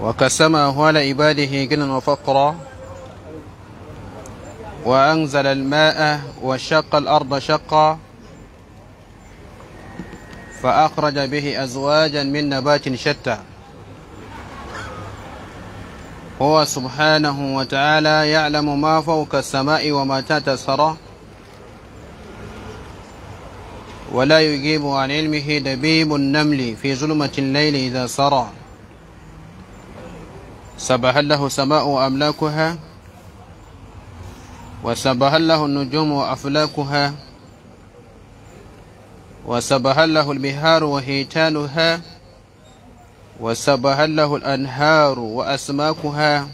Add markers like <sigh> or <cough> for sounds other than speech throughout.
وقسم على عباده غنى وفقرا وأنزل الماء وشق الأرض شقا فأخرج به أزواجا من نبات شتى هو سبحانه وتعالى يعلم ما فوق السماء وما تحت الثرى ولا يجيب عن علمه دبيب النمل في ظلمة الليل إذا سرى سبح له السماء وأملاكها وسبح له النجوم وأفلاكها وسبح له البحار وهيتانها وسبح له الأنهار وأسماكها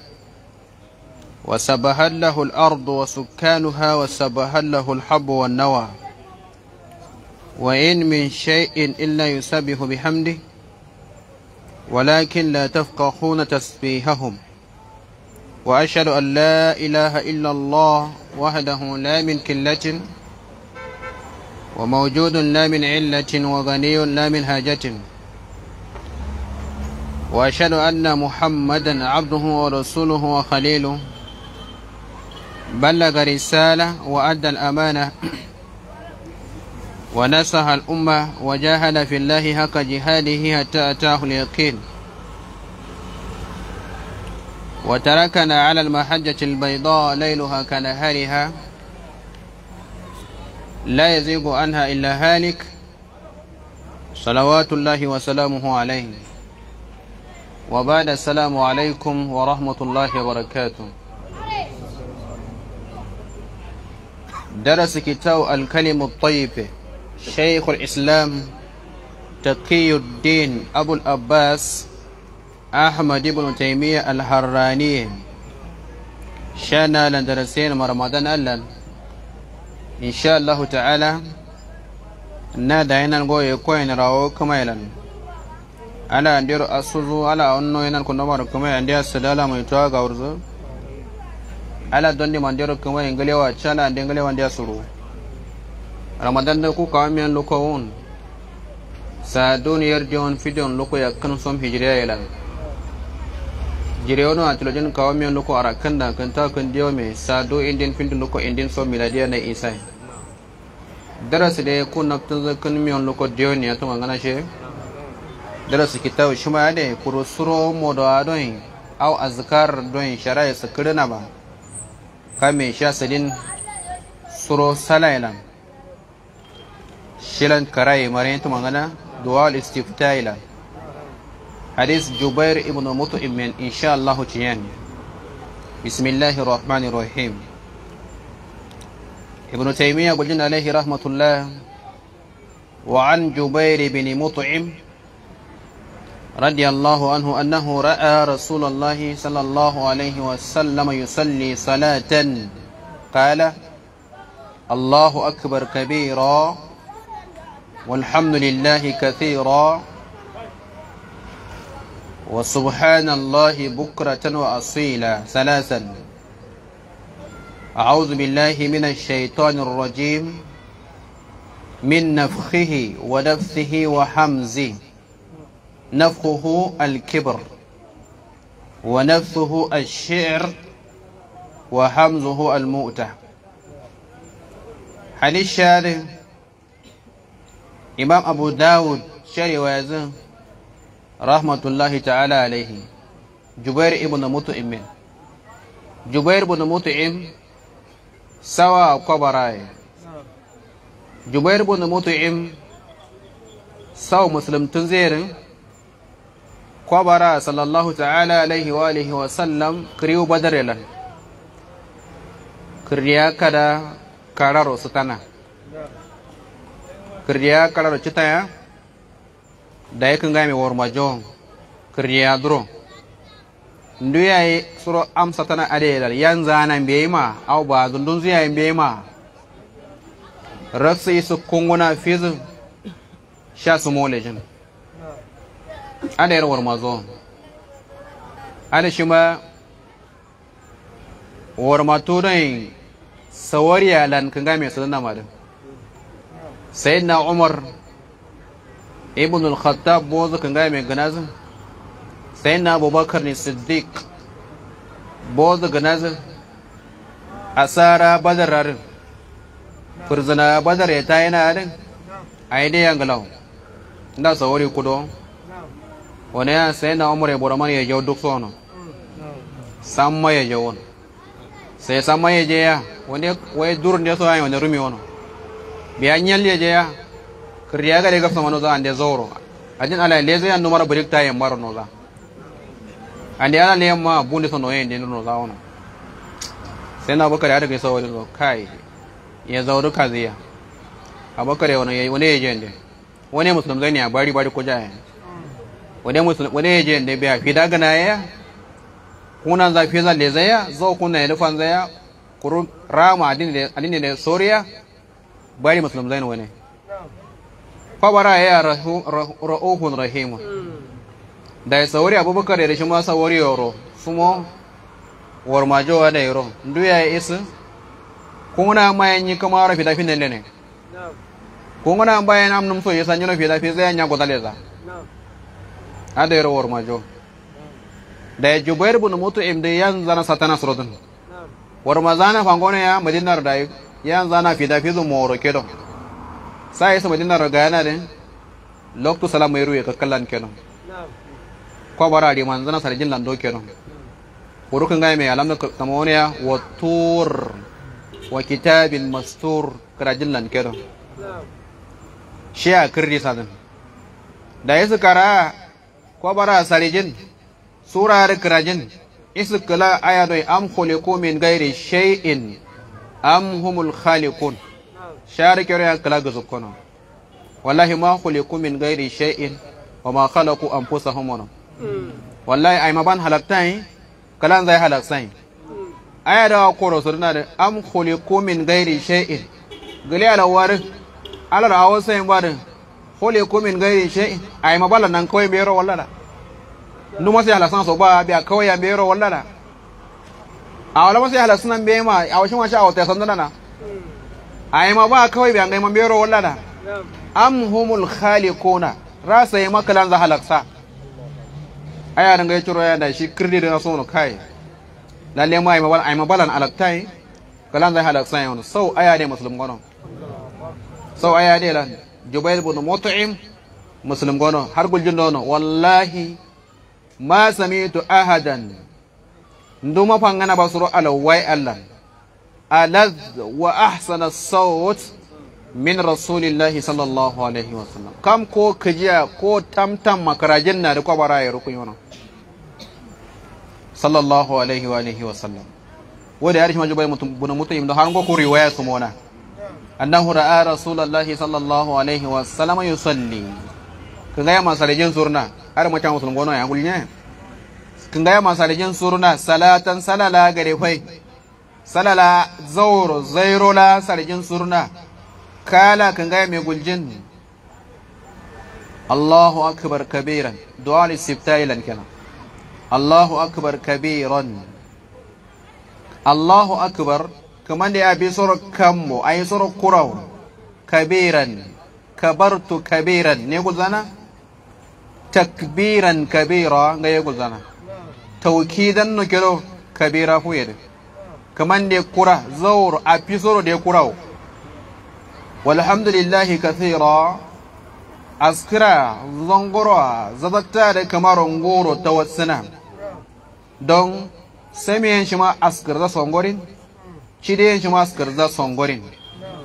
وسبح له الأرض وسكانها وسبح له الحب والنوى وإن من شيء إلا يسبح بحمده ولكن لا تفقهون تسبيحهم وأشهد أن لا إله إلا الله وحده لا من كلة وموجود لا من علة وغني لا من هاجة وأشهد أن محمدا عبده ورسوله وخليله بلغ رسالة وأدى الأمانة ونصح الأمة وجاهد في الله حق جهاده حتى أتاه اليقين وتركنا على المحجة البيضاء ليلها كنهارها لا يزيغ عنها إلا هالك صلوات الله وسلامه عليه وبعد السلام عليكم ورحمة الله وبركاته درس كتاب الكلم الطيب شيخ الإسلام تقي الدين أبو الأباس أحمد بن تيمية الحراني شانا لندرسين رمضان ألا إن شاء الله تعالى نادا نقول يكوين راو كميلا ألا ندير أسوزو ألا أنو هنا نكون نمر كميلا ندير السلالة ميتواغ أورزو ألا دوني مندير كميلا إنجليوا أتشانا ندير إنجليوا ندير سرو ramadan da ku miyan loko wun sa duniyar dion fidon loko ya kan som hijriya yalan jirewono a tilojin miyan loko a rakan da kan ta kan diyo mai, sa do indin fidon loko indin som miladiya na isa darasi da ku tun zakan miyan loko diyo ne ya tunga gana shi? darasi kitabu shima ne kurusuro modo adon au azkar don shara'i sakirina ba kame sha salin suro salailan شيلان كراي مرينتو مغانا دوال استفتايلا حديث جبير ابن مطعم من إن شاء الله تيان بسم الله الرحمن الرحيم ابن تيمية قلنا عليه رحمة الله وعن جبير بن مطعم رضي الله عنه أنه رأى رسول الله صلى الله عليه وسلم يصلي صلاة قال الله أكبر كبيرا والحمد لله كثيرا وسبحان الله بكرة وأصيلا ثلاثا أعوذ بالله من الشيطان الرجيم من نفخه ونفثه وحمزه نفخه الكبر ونفثه الشعر وحمزه المؤتة حديث شارع imam abu dawud sharewa yanzu rahmatullahi ta'ala alaihi jubair ibn mutu'im min jubair ibn mutu'im sawa kwabarai jubair ibn mutu'im sawa musulmtun zerin kwabara sallallahu ta'ala alaihi wa alihi wa sallam kriyu badarila kriya kada kararo su tana kirdiya kalaro chitaya eh? dai kinga mi worma jo kirdiya duro nduyai suro amsa tana adedal yanzana mbeyima aw bazu ndunzuyai mbeyima raksi su kunguna fizu sha su mole jin warma worma zo ada shima worma tudai sawariya lan kengai mi sudan namadin na umar ibn al-khattab bo zaka ga mai ganazin na abubakar ne siddiq bo zaka ganazin asara badar rarin furzina badar ya ta yana harin a yi dayan galau da sauri kudo wani ya na umar ya bura mana ya jau duk sono Samma ma ya jau wani sai Samma ya je ya wani wai durin da ya so ya yi wani rumi wani ya? biyanyalle jeya kriyagare ga noza, ande zoro Ajin ala leze ya numara break time maro noza ande ala le ma bunde sono ende noza ona sai na bakare ada kai sawo do kai ya zauro kaziya abakare wani yayi wani yaje ende wani muslim zai ne a bari bari ko jaya wani muslim wani yaje ende biya fida gana ya kunan zafi zan leze ya zo kunan ya nufan zaya Kuru rama adin ne soriya bari muslim zai wani fabara ya e, ra'uhun rahimu hmm. da ya sauri abubakar ya e rishi masa wari yoro sumo warmajowa da yoro duya ya e isi kuna mayan yi kama rafi dafi ne ne kuna bayan amnum so yi sanyi rafi dafi zai yanya gwazale za a da yoro warmajo da ya jubair na mutu imdi yan zana satana surutun warmazana fangone ya madinar da yi yanzu ana fida fizu moro kedo sai sama dinar yana den loktu salamu yiru ka kallan kedo ko bara di zana sarjin lando kedo wurukan gaya mai alamna kamoniya wa tur wa kitabin mastur karajin lan kedo shi a kirri sadin da yasu kara ko bara sarjin surar karajin isu kula ayadoi am khuliqu min ghairi shay'in am humul khaliqun shari kere yan kala gazo kono wallahi ma khuliqu min ghairi shay'in wa ma khalaqu anfusahum wa wallahi ay maban halaktai kalan zai halaksai aya da koro surna da am khuliqu min ghairi shay'in gali ala warin ala rawo sai da khuliqu min ghairi shay'in ay mabala nan kawai bero wallala numa sai halaktan so ba biya kawai ya bero wallala awala mo se hala sunan be ma awashin wa sha awta sandana na A yi ma ba kawai be gaiman man bero walla na am humul khaliquna rasa yi makalan za halaksa aya nan ga ciro ya da shi kirdi da sunu kai lalle ma ay ma ay ma balan alaktai kalan za halaksa ya sau aya ne muslim gono sau aya ne lan jubair bin mut'im muslim gono har guljin dono wallahi ma sami'tu ahadan ندوما فانغانا بصرو على واي الله ألذ وأحسن الصوت من رسول الله صلى الله عليه وسلم كم كو كجيا كو تم تم مكراجن ناركو براي ركو يونا صلى الله عليه وآله وسلم ودي أرش ما جباي بنمتيم دهارنكو كو رواية سمونا أنه رأى رسول الله صلى الله عليه وسلم يصلي كغاية ما سالجين زورنا أرى ما كان مسلم قونا يقول نعم kangaya masalijen suruna salatan salala gare kwai salala zauro zairola salijin suruna kala kangaya mai guljin Allahu akbar kabiran du'a istiftailan kenan Allahu akbar kabiran Allahu akbar kaman da ya bi sura kammo ayi sura kurau kabiran kabartu kabiran ne gulzana takbiran kabira ga ya gulzana توكيدا نجرو كبيرا فويل كمان دي كرة زور أبي زور دي كرة والحمد لله كثيرا أذكرا زنقرا زدتا دي كمار انقورو توسنا دون سمين شما أذكر دا سنقرين شدين شما أذكر دا سنقرين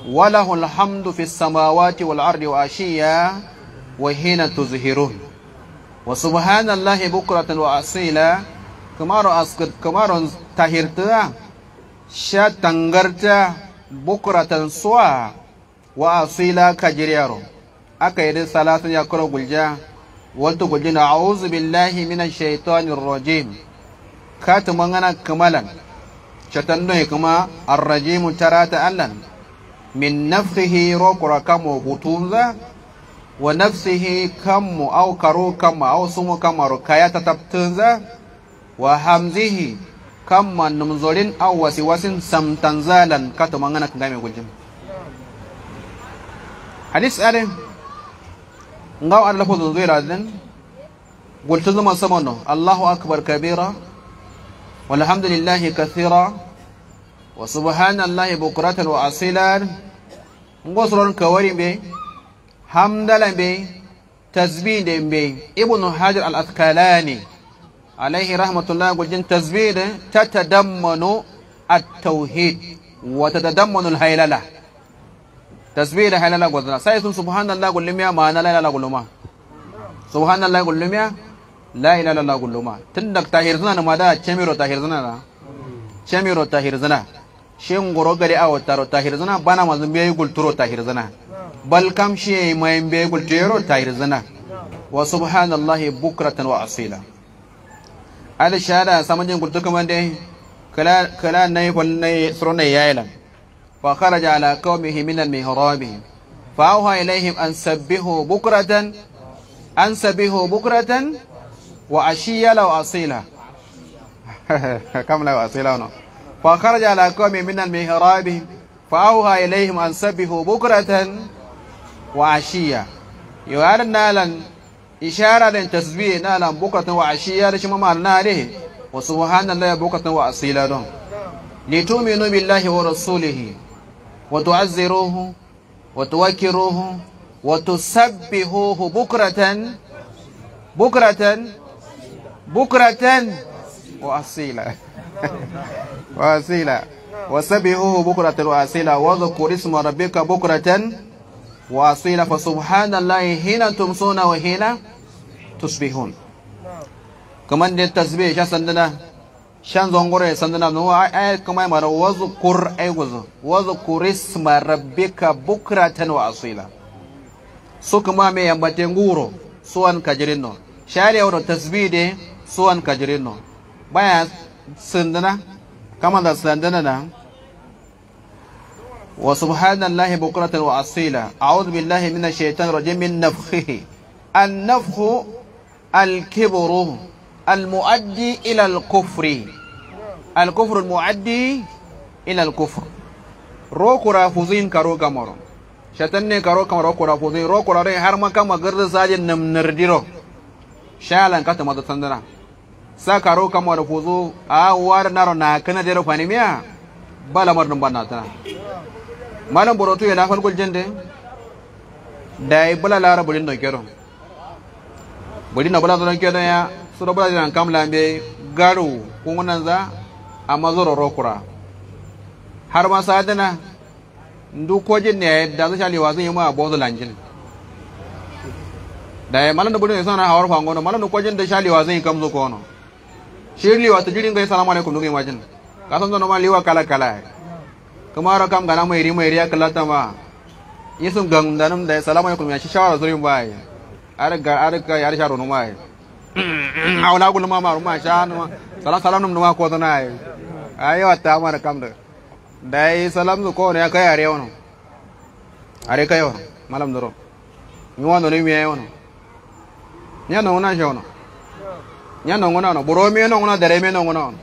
وله الحمد في السماوات والأرض وآشيا وهنا تظهرون وسبحان الله بكرة وأصيلا كمارو أسكت كمارو تهيرتا شا تنغرتا بكرة سوا وأصيلا كجريارو أكيد صلاة يقرأ قلجا والتقول أعوذ بالله من الشيطان الرجيم كاتمانا كمالا شتنوه كما الرجيم تراتا ألا من نفخه روكرا كمو قطوزا ونفسه كم أو كرو كم أو سمو كم ركاية تبتنزا وهمزه كما نمزولين أو واسين سمتنزالا كاتو مانغانا كنغامي قلجم حديث أري نغاو أن لفظ نزوير أذن قلت ذما سمونه الله أكبر كبيرا والحمد لله كثيرا وسبحان الله بكرة وأصيلا نغسر الكواري بي حمد لبي تزبيد بي ابن حجر الأثقالاني عليه رحمة الله يقول جن تزبيد تتضمن التوحيد وتتدمن الهيللة تزبيد هيللة قدرة سيد سبحان الله قل لما ما أنا لا لا قل ما سبحان الله قل لما لا إله إلا الله قل ما تندك تهيرزنا نمادا تشميرو تهيرزنا تشميرو تهيرزنا شين goro غري أو تارو تهيرزنا بنا bana mazin يقول ترو تهيرزنا بل كم شيء ما mai يقول تيرو تهيرزنا وسبحان الله بكرة subhanallahi ala shada samanjin gurtu kuma dai kala kala nay wannay surone yaylan fa kharaja ala qaumihi min al mihrabihim fa awha ilayhim an sabbihu bukratan an sabbihu bukratan wa ashiya law asila kam law asila no fa kharaja ala qaumi min al mihrabihim fa awha ilayhim an sabbihu bukratan wa ashiya yu'alanna lan إشارة للتسبيح نالا بكرة وعشية لشما مالنا عليه وسبحان الله بكرة وأصيلا دون لتؤمنوا بالله ورسوله وتعزروه وتوكروه وتسبحوه بكرة بكرة بكرة وأصيلا <laughs> وأصيلا وسبحوه بكرة وأصيلا واذكر اسم ربك بكرة wa asila fa subhanallahi hina tumsuna wa hina tusbihun kaman da tasbih ya sandana shan zongore sandana no ay kuma mara wazu qur ay ma rabbika bukratan wa asila so kuma me ya nguro so an kajirin no shari'a wa tasbih de so an kajirin no bayan sandana kaman da sandana na وسبحان الله بكرة وأصيلا أعوذ بالله من الشيطان الرجيم من نفخه النفخ الكبر المؤدي إلى الكفر الكفر المؤدي إلى الكفر روكو رافوزين كارو كامرو شتني كارو كامرو روكو رافوزين روكو راري هرما كما غرد زاجي نرديرو شالا كاتا مدى تندنا سا كارو كامرو رافوزو آوار نارو ناكنا ديرو فانيميا بلا مرنبانا تنا malam boroto yana fan gol jende dai bula lara bulin no kero bulin no bula don kero ya do bula jan kam be garu kungunan za amma rokura har ma sadana ndu kojin ne da za shali wazin yi ma bozo lanjin dai malam malan da bulin sana hawar fangono malan ko kojin da shali wazin yi ko no shirli wa tajirin ga assalamu alaikum ka san kasan zan ma liwa kala kala kamara kam gana mo iri mo iri ta ma yesum gang danam da salamu alaikum ya shawara zuri bai arga arga yar sharo no mai awla <clears throat> gulu ma ma ma shanu salam salam num no ma ko tana ai ai ta mar kam da dai salam ko ne kai are wono are kai wono malam doro ni wono ni mi wono nya ano na shono nya ano ngona no boro mi no ngona dare mi no ngona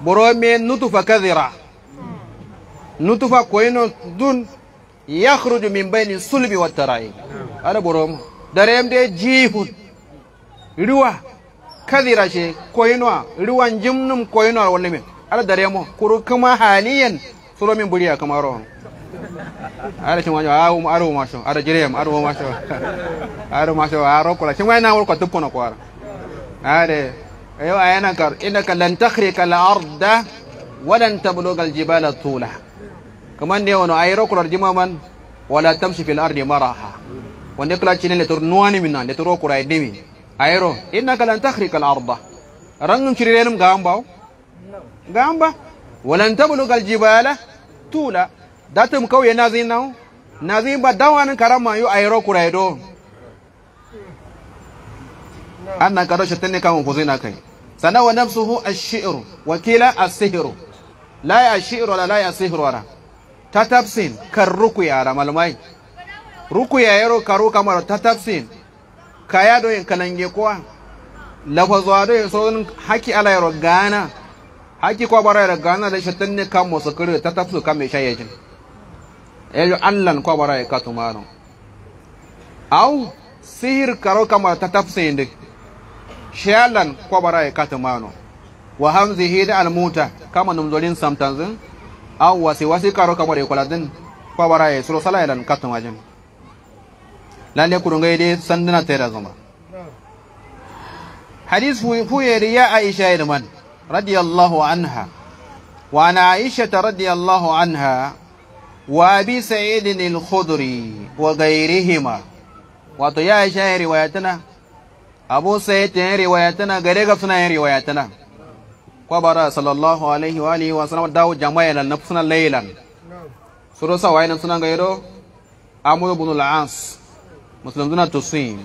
boro mi nutu fakadhira نطفة كوينو دون يخرج من بين الصلب والتراي أنا بروم دريم دي جيهون روا كذيرا شي كوينو روا جمنم كوينو ونمي أنا دريم كرو كما حاليا سلومي بريا كما روم أنا شو ماشوا أرو أرو ماشوا أنا جريم أرو ماشوا أرو ماشوا أرو كلا شو ماي ناول كتبكم نقار أيوة أنا كار إنك لن تخرق الأرض ولن تبلغ الجبال طولها كمان دي وانو ايرو كولار جمامان ولا تمشي في الارض مراحا وانو كلا چنين لتر نواني منان لترو كورا ديمي ايرو انك لن تخرق الارض رنم شريرينم غامبا غامبا ولن تبلغ الجبال طولا داتم كوي نازين ناو نازين با دوان كرام يو ايرو كورا دو انا كرو شتني كام فوزينا كاي سنا ونفسه الشعر وكلا السحر لا يا شعر ولا لا يا سحر ولا tatapsin kan rukuya da malamai. rukuya yaro mara kamar tatapsin kaya do yin kalange kuwa lafazwa do yin sauran haki ala yaro gana haki kwa bara yaro gana da shatan ne kan musu kiri tatapsu kan mai ya yi allan kwa bara ya katu maron au sihir mara kamar da. duk shayalan kwa bara ya katu maron wa hida da almuta kama numzolin samtanzin aw wasi wasi karo kamore koladen e solo sala elan katon lan lalle kurunga ide sandana tera zoma hadis fu ya aisha irman radiyallahu anha wa ana aisha radiyallahu anha wa abi sa'id al-khudri wa wa to ya aisha riwayatana abu sa'id riwayatana gare ga suna riwayatana kwabara sallallahu alaihi wa alihi wa sallam dawo jama'a lan nafsuna laylan suro sa wayna sunan gairo amuru ibn al-ans muslim duna tusim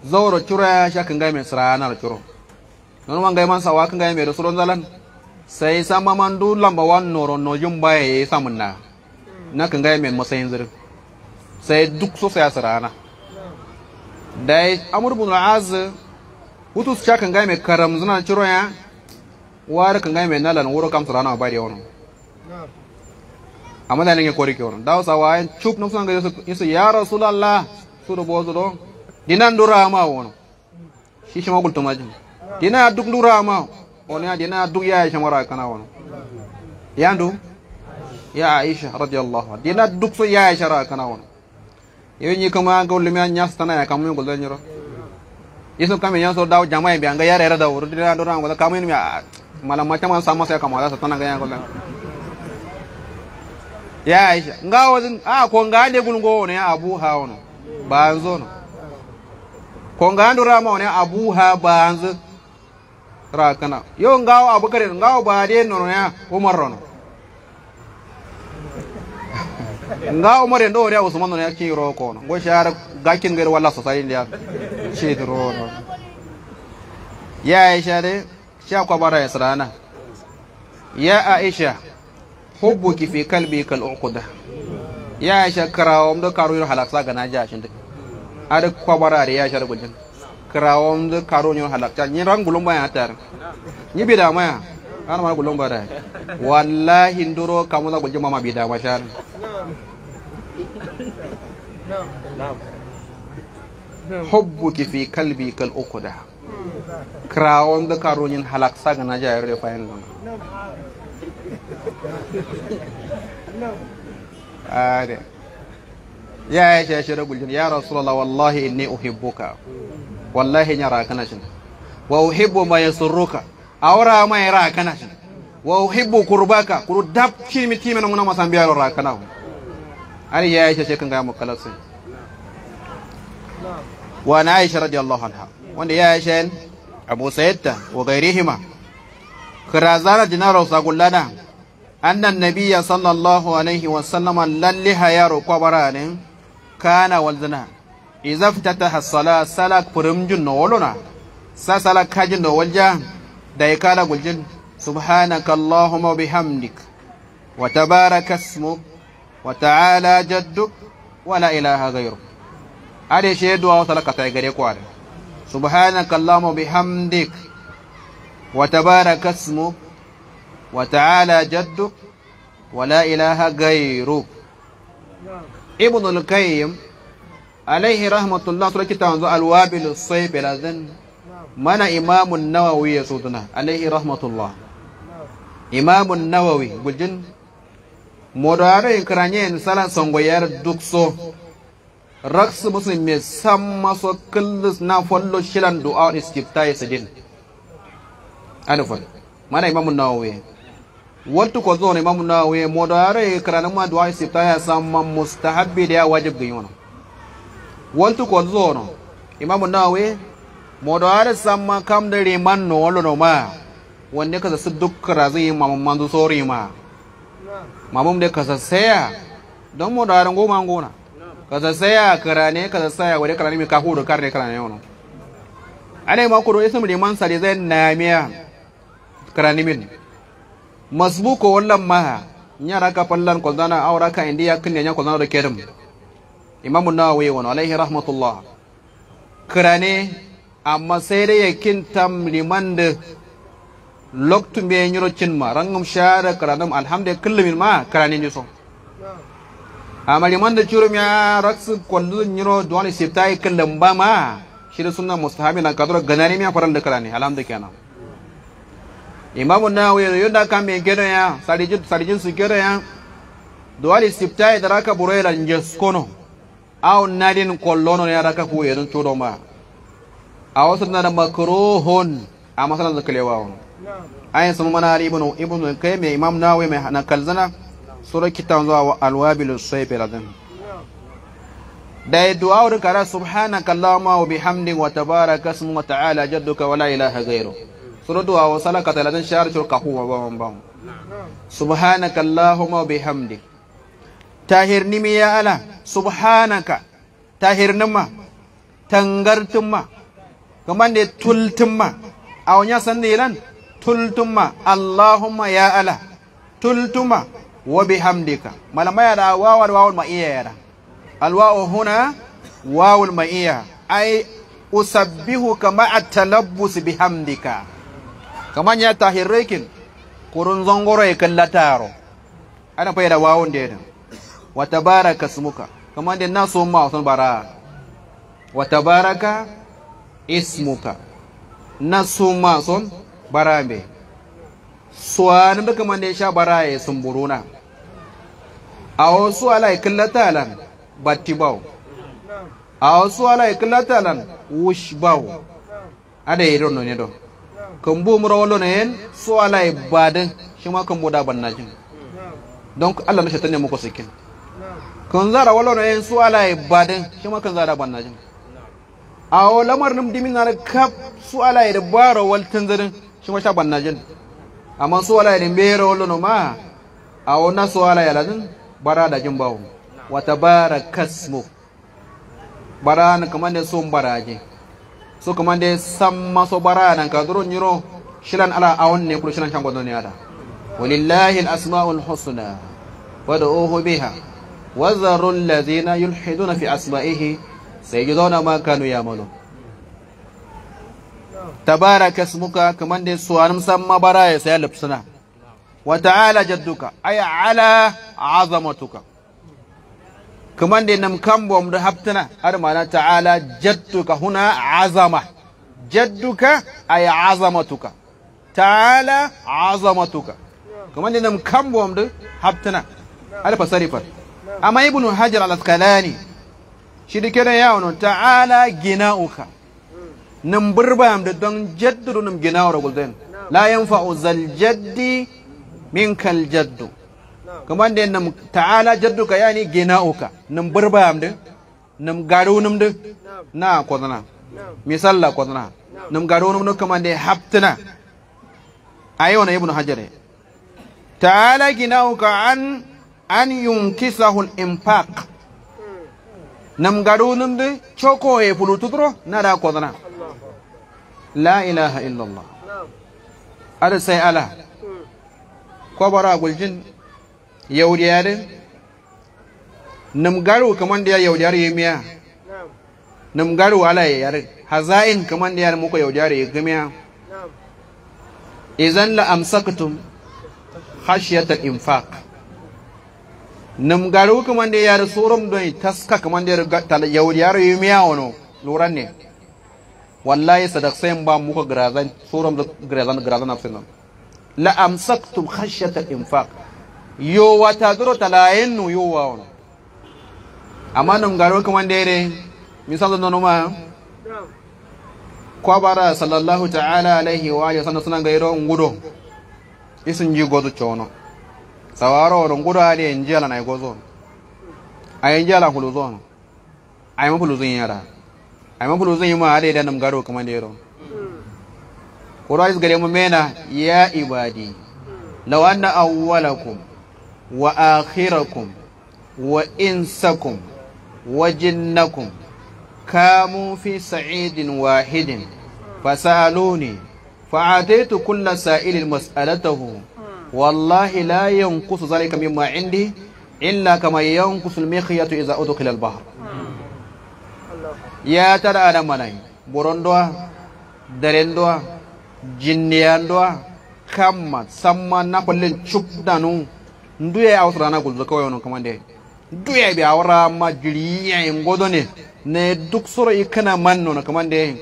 zawro chura sha kan ga ro churo non wan ga sa sawa kan ga da suro zalan sai sama man du lamba wan noro no jum baye samunna na kan ga masayin zir sai duk so sai sarana dai amuru ibn al-az hutus sha kan mai karam zuna churo ya war kan ngai mena lan woro kam sarana ba de wono amma da nge kori ke wono daw sa wa chup no sanga yesu ya rasulullah suru bozo do dinan dura ma wono shi shi magul tumaji dina duk dura ma wono dina duk ya shi mara kana wono yandu ya aisha radiyallahu anha dina duk so ya aisha ra kana wono yewi kuma ga ulmi an yas tana ya kamun guldan yiro yesu kamen yaso daw jama'a bi an ga yare yare da wuri dina dura ma kamun mi malamai macam mana sama saya kamera satu nak gaya kullum ya aisha nga wazin a ko nga ande gulungo wani abu ha no, Banzo no ko nga ando rama abu ha Banzo, an zo yo engkau abu kare engkau Bahari de no ya umar no. Engkau umar en dia usman no ya ki ro no Gua share gakin gari walla dia, ndiya shi no ya aisha deh. sha kwabara ya tsirana ya aisha Hubbu hubbuki fi kalbi kal uquda ya aisha karawom da karo yin halaksa ga naji ashin duk ada kwabara da ya shar gudun karawom da karo yin halaksa ni ran gulun baya tar ni bi da maya ana ma gulun baya. wallahi ndoro kamu da gulun mama bi da ma Hubbu hubbuki fi kalbi kal uquda كراون ده كارونين حلاك ساق نجا يرلي فاين لنا يا ايش يا شرب الجن يا رسول الله والله اني احبك والله نراك نجن واحب ما يسرك اورا ما يراك نجن واحب قربك كرو دب تيم تيم من ما سامبيا راك نا علي يا ايش يا شيخ كان مكلسين وانا عائشه رضي الله عنها وندياشن أبو سيد وغيرهما خرازانا دينارو ساقولنا أن النبي صلى الله عليه وسلم للها يارو كبران كان والزنا إذا افتتح الصلاة سلك برمجن نولنا سسلك هجن نولجا دايكالا قلجن سبحانك اللهم وبحمدك وتبارك اسمك وتعالى جدك ولا إله غيرك هذا شيء دعاء سلك تايغري كوارك سبحانك اللهم بحمدك وتبارك اسمك وتعالى جدك ولا إله غيرك ابن القيم عليه رحمة الله تركي تنظر الوابل الصيب الأذن من إمام النووي سودنا عليه رحمة الله إمام النووي قل بالجن مرارين كرانين سلا سنغيار دكسو raks muslim mai samma so na follow shilan du'a on istifta ya sidin mana imamu nawawi wattu ko zo imamu nawawi mo ma du'a istifta ya samma mustahabbi da ya wajib ga yono wattu ko zo no da yare kam da riman no ma wanda ka duk razai mamun manzo sori ma mamum da ka sasaya don mo da yare goma kaza saya karane kaza saya wade karane mi kahuru karne karane ono ane ma kuro ismu liman sare zai miya karane min masbuko wallan ma nya ka fallan ko zana awra ka indiya kinne nya ko zana da kedum imamu nawawi wa alaihi rahmatullah karane amma sai dai yakin tam liman da loktu me nyiro cin ma rangum shara karanum alhamdulillah min ma karane ni so amariman da curum ya raksu kwallu nyiro dole sita yi kallon ba ma shi da sunan mustahabi na kadura ganani miya faral da kalani alhamdu kenan imamu na wayo yadda kan mai gero ya sarijin su gero ya dole sita yi da raka buru ya jeskono au nadin kwallono ya raka kuwa yanzu turo ma a wasu na da makarohon a masanar da kalewa wani ayin sun mana kai mai imam na wayo mai kalzana سورة كتابة الوابل الصيبرة داي دعاء ركرة سبحانك اللهم وبحمد وتبارك اسم وتعالى جدك ولا إله غيره سورة دعاء وصلاة كتابة شارة القهوة بام بام سبحانك اللهم وبحمد تاهر نمي يا ألا سبحانك تاهر نما تنغر تما كمان دي تل تما أو نيسان تل تما اللهم يا ألا تل تما wa hamdika. malamai yana wawal wawul ma'iyya yana alwa'u huna wawul ma'iyya ai usabbihu kama at-talabbus hamdika. kaman ya tahirrikin kurun zongoro yakan lataro ana fa da wawun da yana wa tabaraka smuka kaman da nasu ma sun bara Wata baraka ismuka nasu ma sun bara be suwanin da kaman da ya sha bara ya sumburuna awo suwala ikilatalan battibaw awo suwala ikilatalan wushbaw ada yi don ne do kan bu mura walo ne yen suwala ibadan shi ma kan boda ban najin don Allah na shaitan ne muku sikin kan zara walo ne yen suwala ibadan shi ma kan zara ban najin awo lamar nim dimina na kap suwala da bara wal tanzarin shi ma sha ban najin amma suwala da bero walo no ma awo na su ya lazin bara da barada jimbawo wa tabarakasmu barana kamande sun baraje su kamande samma so barana ka doro nyiro shilan ala awon ne kuro shilan kango doni ada walillahi alasmaul husna fad'uhu biha wadharu alladhina yulhiduna fi asma'ihi sayajiduna ma kanu ya ya'malun tabaraka ismuka kamande suwanum samma baraya sai lafsuna وتعالى جدك أي على عظمتك كمان دي نمكم بومد هبتنا هذا معنى تعالى جدك هنا عظمة جدك أي عظمتك تعالى عظمتك كمان دي نمكم بومد هبتنا هذا فسريفا أما ابن حجر على الأسقلاني شركنا ياون تعالى جناؤك نمبر بامد دون جد دون جناؤ رجل لا ينفع ذا الجد Min kal jaddu kamande nam ta'ala jadduka yani gina'uka nam barbayam de nam garunum de na kodana misalla kodana nam garunum no kamande haptana ayona ibnu hajar ta'ala gina'uka an an yunkisahu al-infaq nam garunum de choko e na nada kodana la ilaha illallah ada sai ala kwabara gulgin yawdiyade nam garu kaman da yawdiyar yemiya miya namgaru ala yari hazain kaman da muka muku yi gamiya Izan la amsaktum khashyat al-infaq nam kaman da yar surum don taska kaman da yi miya wono luran ne wallahi sadak ba muka grazan surum grazan grazan afsinan la amsaktum khashyata infaq yowa tagiro yo wa on amma nam garo kaman dere mi san zan ma ko bara sallallahu ta'ala alaihi wa alihi sanan sunan gairo ngudo isin ji gozo chono sawaro ron ngudo ali enjala na gozo ay enjala huluzo ay ma yin yara ay ma yin ma ale da nam garo kaman dere qur'an gare mu mena ya ibadi law anna awwalakum wa akhirakum wa insakum wa jinnakum kamu fi sa'idin wahidin fasaluni fa'ataitu kulla sa'ilin mas'alatahu wallahi la yanqusu zalika mimma indi illa kama yanqusu al-mikhyatu idza udkhila al-bahr hmm. ya tara adam malai borondoa darendoa kama jinneyandoa kamma samma nakolen cupdanu nduye na gulzo kawai wonon kamande nduye be awra ma jiriye ngodone ne duk soro ikana manno no kamande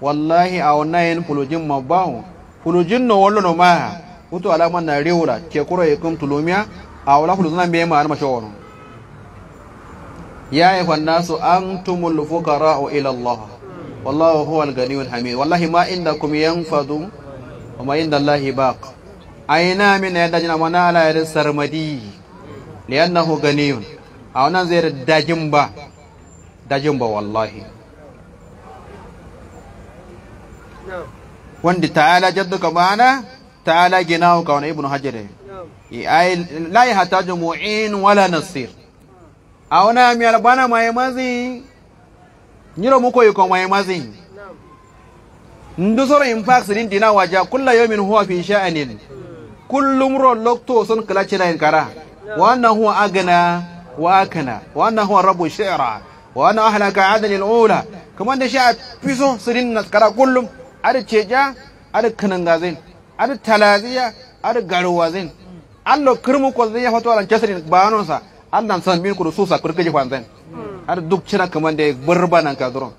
wallahi ba pulujin mabahu pulujin no wollono ma uto alama na rewra ke kuro ikum tulumia awla pulujina me ma arma showono ya ayyuhan nasu antumul kara ila Allah والله هو الغني الحميد والله ما عندكم ينفض وما عند الله باق أين من يدجنا من على السرمدي لأنه غني أو ننزل دجنبا دجنبا والله wanda نعم. تعالى jadduka ma'ana تعالى ginahu ka ابن حجر hajar ai la yahtaju mu'in wala nasir auna mi albana mai mazi nyiro muko yiko kon waye mazin ndusoro impact din dina waja kulla yawmin huwa fi sha'anin kullum ro lokto son kala cira in kara wa anna huwa agna wa akana wa anna huwa rabbu shi'ra wa anna ahlaka adan al-ula kaman da sha'a fiso sirin na kara kullum ada ceja ada kanangazin ada talaziya ada garwazin allo kirmu ko zai fato alan casirin bayanonsa Allah san bin ku su sa kurkaji kwanzan ar duk cira kaman de burba nan ka dron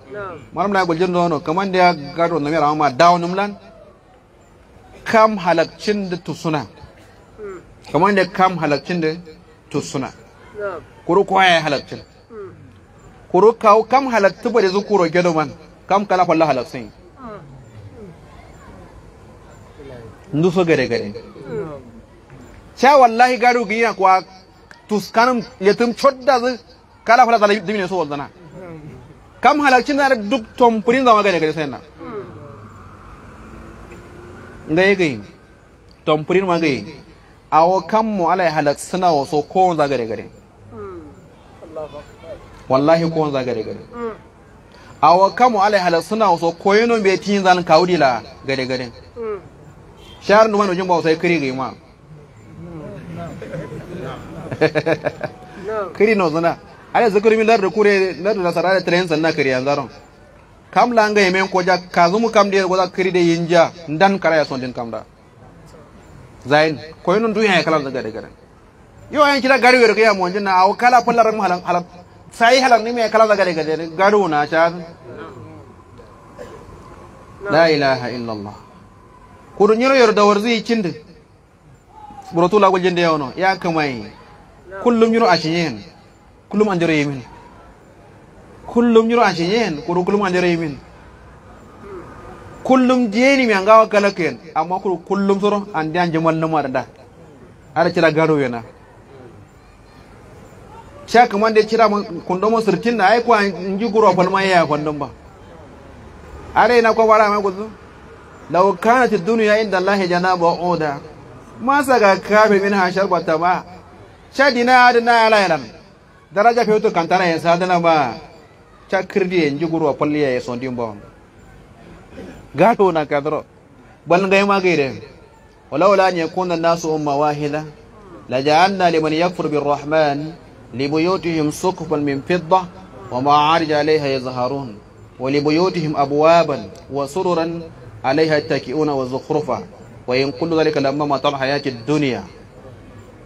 maram la gol jirno no kaman de garo no mera ma dawo num lan kam halakcin da tusuna kaman de kam halakcin da tusuna kuru ko ya halakcin kuru kawo kam halaktu ba da zukuro gedo man kam kala falla halaksin nduso gare gare cha wallahi garu giya kwa tuskanum yatum chodda kala fala dimi ne so na kam halakcin na duk tomfurin purin zama gane sai na. ngai gai tom ma gai awo kam mu alai halak suna waso ko wanda gare gare wallahi ko wanda gare gare awo kam mu alai halak suna waso ko yino be tin zan la gare gare shar numan ujin ba sai kiri gai ma <laughs> kiri no zana ala zakuri min lardo kure lardo nasara da tren sanna kare yanzaron kam la nga yemen ko jak kazumu kam de goda kiri de yinja ndan kara ya sondin kam da zain ko non duya ya kala daga daga yo ayan kira gari wer ya mon jinna aw kala pallar mu halan halan sai halan ni me kala daga daga garu na cha la ilaha illallah kudu nyiro yor da warzi cinde buratu la gol jinde yono ya kamai kullum nyiro a cinyen kullum an jarayi min kullum yi rashin yin kuro kullum an jarayi min kullum jeni mi an gawa kalakayen amma kuro kullum tsoron an dan jimal na mara da ana kira garo yana cha kuma da kira kundo mo sirtin da ai ko an ji guro falma ya kundo ba are ina ko bara mai gudu law kanat ad-dunya inda allah janaba uda ma saga kabe min hashar batama cha dina adna ala yalam daraja pewto kantara ya sadana ba chakirdi en juguru apalli ya sondi mbo gato na kadro bal ngai magire wala wala an yakuna nasu umma wahida لجعلنا لمن يكفر بالرحمن لبيوتهم سقفا من wa ومعارج عليها يظهرون ولبيوتهم أبوابا وسررا عليها يتكئون وزخرفا وإن كل ذلك لما مطر حياة الدنيا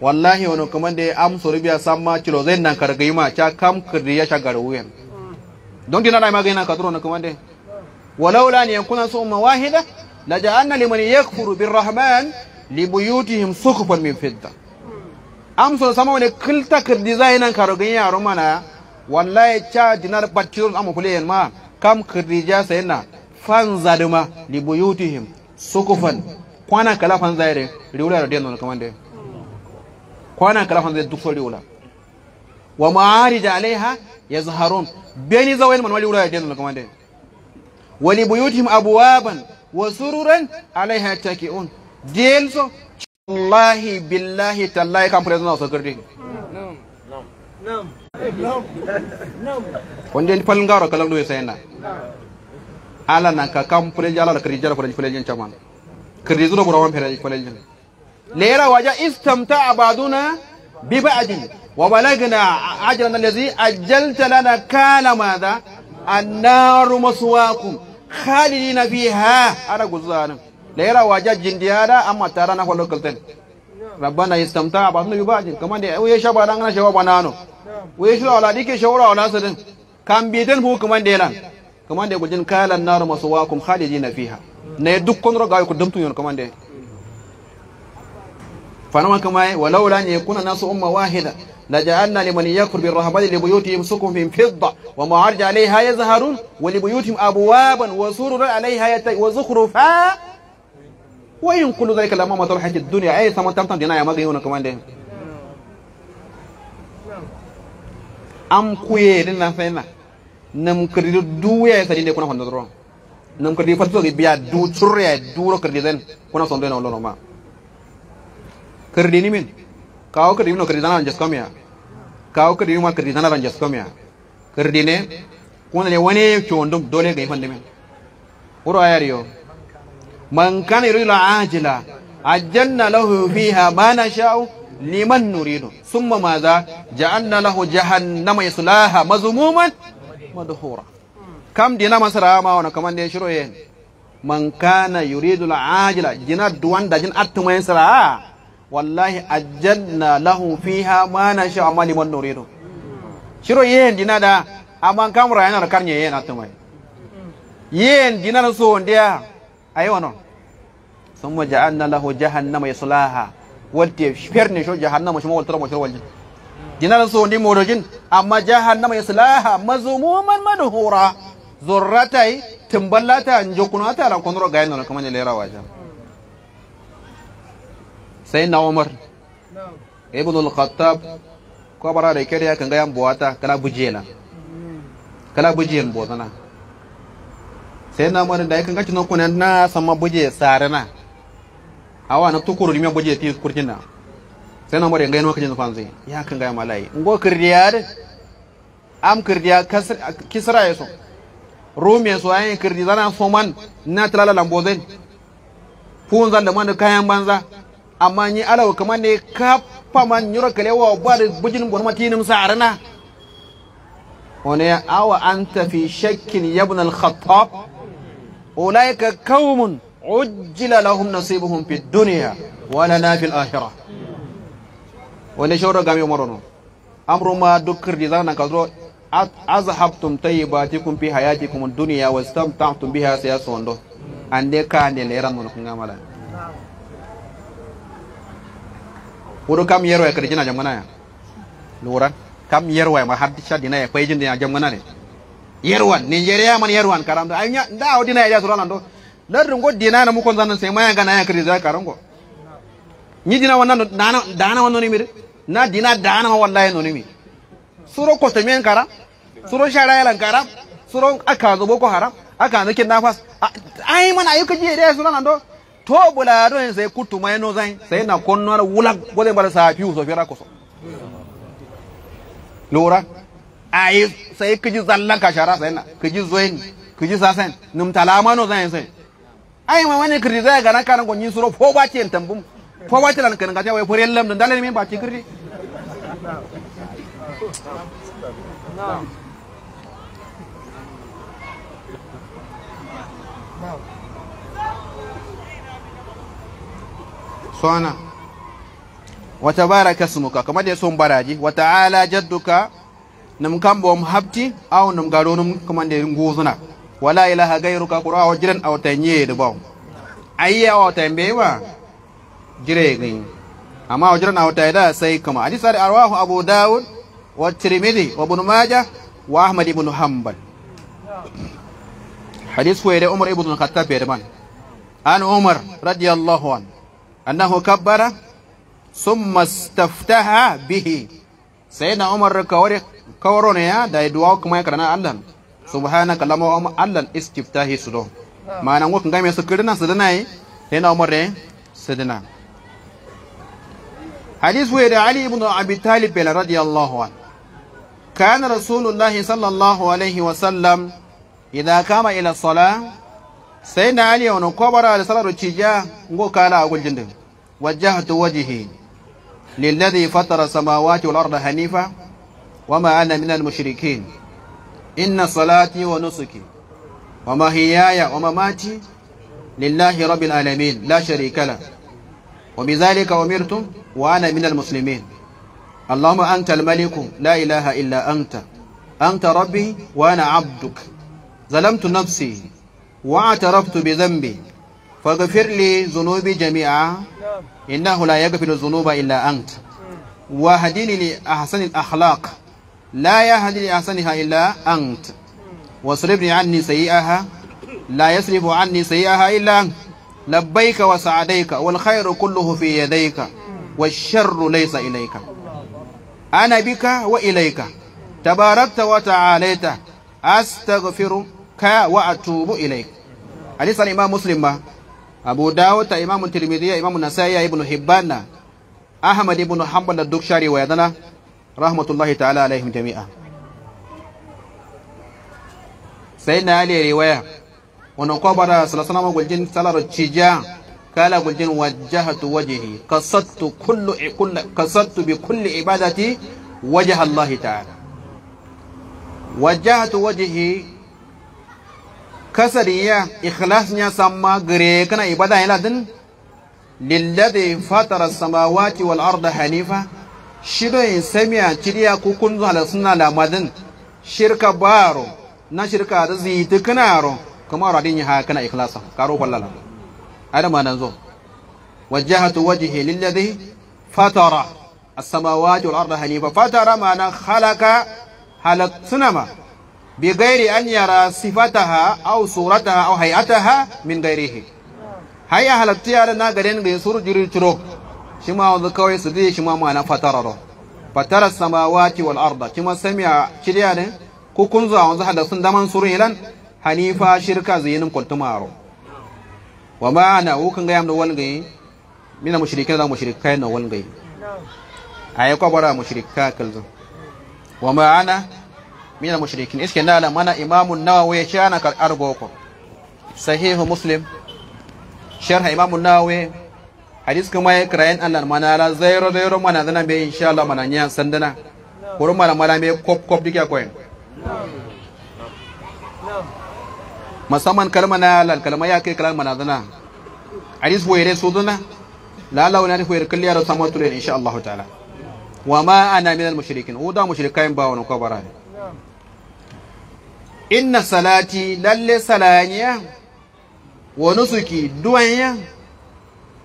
wallahi wani kuma da amsa rubiya samma kilo zai nan ma ca kam ya cha wuyan don gina na magana ka turo na kuma da walaula ne yankunan su umma wahida la bin liman yakfuru birrahman li buyutihim suqufan min fidda am so sama wani kilta kirdi zai nan kargaima yaro mana wallahi ca dinar batirun amma fulen ma kam ya sai na fanza duma li buyutihim suqufan kwana kala fan ire riwla da den kuma da kwana kala fande duksoli ula wa ma'arija alaiha yazharun beni zawen man wali ula den na kamande wali buyutihim abwaban wa sururan alaiha taki'un delso wallahi billahi tallahi kam president so gardi nam nam nam nam wonde pal ngaro kala do yesena ala nan ka kam president ala kadi ko den president chaman kadi zuro ko rawan president lera waje istamta abaduna bi ba'din wa balagna ajran allazi ajjalta lana kala madha annaru maswaqum khalidina fiha ara guzanin lera waje jindiya da amma tara na holokalten rabbana istamta abaduna bi ba'din kuma da ya shaba dan ana shaba banano waye shi wala dike shawara wala sadin kan bidan hukuman da lan. kuma da gujin kala annaru maswaqum khalidina fiha ne dukkan roga ku dumtun yon kuma da فنما كما ولولا أن يكون الناس أمة واحدة لجعلنا لمن يكفر بالرهبان لبيوتهم سكن من فضة ومعرج عليها يزهرون ولبيوتهم أبوابا وسررا عليها وزخرفا وإن كل ذلك لما ما تروح الدنيا أي ثمن تمتم دينايا يا مغيون كمان ده أم كوي لنا فينا نم كريد دويا يسجل دي كنا فندرون نم كريد فتوى بيا دو تريا دو كريدو كنا صندوقنا ولا نما ni min. Kao credini no credana ranjaskomia. Kao credini ma ya ranjaskomia. Credine kuna ne wani chondum dole ga ifan dimin. Uro yo Man kana yuridu ajila ajanna lahu fiha ma nasha'u liman nuridu summa maza ja'anna lahu jahannama yaslaha mazmuman madhura kam dina masara ma wana kaman ne shiro yen man kana yuridu al-ajila jina duwan da jin attumayin sara wallahi ajjalna lahu fiha ma na sha amma liman nuridu shiro yen dina da amma kamura yana karnya yen atumai yen dina so ndia ayi wonon thumma ja'alna lahu jahannama yaslaha walte ferne sho jahannama shimo waltara mo shiro waljin dina so ndi modojin amma jahannama yaslaha mazumuman madhura zurratai timballata njokunata la konro gayen non kamane lera wajan sayyidina umar ibn al-khattab ko bara da kariya kan ga yan buwata kala bujena kala bujen bozana sayyidina umar da kan ga tunan na sama buje sarana awa na tukuru limi buje ti kurtina sayyidina umar ga yana kajin fanzi ya kan ga malai ngo kirdiyar am kirdiya kisra yaso rumi yaso ayin kirdi zana foman na talala fun zan da man kayan banza amma ni alaw kaman ne ka paman nyura kale wa bar bujin gon matinum sa'arna ونيا أو أنت في شك يا ابن الخطاب أولئك قوم عجل لهم نصيبهم في الدنيا ولنا في الآخرة ونشور قامي مرنو أمر ما ذكر جزانا كذرو أذهبتم طيباتكم في حياتكم الدنيا واستمتعتم بها سياسون دو عندك عند الإيران من خنام wodo kam yero ya kadijina jamgana ya luran kam yero ya mahadisha dina ya kwejin dina jamgana ne yerwan jereya man yerwan karam da anya da audi na ya surana do ladrin go dina na mukon zanan sai maya gana ya kadija karango ni dina wannan dana dana ni ne na dina dana wallahi no mi suro men karam suro lan karam suro aka zo boko haram aka zo kin nafas ai man ayyuka jiya da surana do to buladon sai kutu mai no zai sai na na wulan ko zai bar safi so fira ko so lura ayi sai kiji zalla ka shara sai na kiji zoyin kiji sasen num talama no zai sai ai ma wani kirdi zai ga na kan gonyin suro fo ba ce tambum fo ba ce lan kan ga ta wai fure lam dan dalilin min ba ce kiri na'am سبحانه وتبارك اسمك كما دي سون براجي وتعالى جدك نمكم بوم هبتي او نمغارون كما دي غوزنا ولا اله غيرك قرا وجرن او تنيه دبو اي او تنبيوا جريغين اما وجرن او تايدا سي كما حديث رواه ابو داود والترمذي وابن ماجه واحمد بن حنبل حديث فويد عمر بن الخطاب يا عن عمر رضي الله عنه أنه كبر ثم استفتح به سيدنا عمر كوري كوروني آه، يا دا يدعو كما يكرنا الله سبحانك اللهم إيه؟ عمر الله استفتاحي سلو ما أنا وقت نقام يسكرنا سلنا هنا عمر سلنا حديث ويد علي بن أبي طالب رضي الله عنه كان رسول الله صلى الله عليه وسلم إذا قام إلى الصلاة سيدنا علي ونو كبر على صلاة الشجاع نقول كالا أقول جند وجهت وجهي للذي فطر السماوات والأرض حنيفا وما أنا من المشركين إن صلاتي ونسكي ومحياي ومماتي لله رب العالمين لا شريك له وبذلك أمرتم وأنا من المسلمين اللهم أنت الملك لا إله إلا أنت أنت ربي وأنا عبدك ظلمت نفسي واعترفت بذنبي فاغفر لي ذنوبي جميعا نعم. إنه لا يغفر الذنوب إلا أنت وهديني لأحسن الأخلاق لا يهدي لأحسنها إلا أنت واصرفني عني سيئها لا يصرف عني سيئها إلا أنت لبيك وسعديك والخير كله في يديك والشر ليس إليك أنا بك وإليك تباركت وتعاليت أستغفر وأتوب إليك حديث الإمام مسلم با أبو داود إمام الترمذي إمام النسائي ابن حبان أحمد بن حنبل الدكشاري ويدنا رحمة الله تعالى عليهم جميعا سيدنا علي رواية ونقبر صلى الله عليه وسلم جن سلر الشجاع قال جن وجهت وجهي قصدت كل كل قصدت بكل عبادتي وجه الله تعالى وجهت وجهي كسرية إخلاصنا سما غريكنا إبادة لدن للذي فطر السماوات والأرض حنيفة شنو يسمي تريا كوكون على سنة لمدن شركة بارو نا شركة زي تكنارو كما رأيني هاكنا إخلاصا كارو فلالا هذا ما ننزو وجهت وجهي للذي فطر السماوات والأرض حنيفة فطر ما نخلق خلق سنما bi gairi an yara sifataha au surataha au hay'ataha min gairihi har ya halatta yaran na garin da ya surjuri ciro shi ma wanzu kawai su zai shi ma ma'ana fatararo fatarar samawati wal arda kima samiya kiriya ne ko kun zuwa wanzu hadasun daman surun ilan hanifa shirka zayinin kuntumaro wa ma'ana hukan gayam da walgayi mina mushrikin da mushrikai na walgayi a yi kwabara mushrika kalzin wa ma'ana من المشركين إسكن نالا منا إمام النووي شانا كالأرغوكو صحيح مسلم شرح إمام النووي حديث كما يكرين أن المنا لا زيرو زيرو منا ذنا بي شاء الله منا نيان سندنا قروا منا منا بي كوب كوب ديكيا كوين مسامن كلمة نالا الكلمة يكي كلمة منا ذنا حديث ويري سودنا لا لا ونالي خير كل يارو سامن إن شاء الله تعالى وما أنا من المشركين ودا مشركين باونو كبراني inna salati lalle salanya wa nusuki duwanya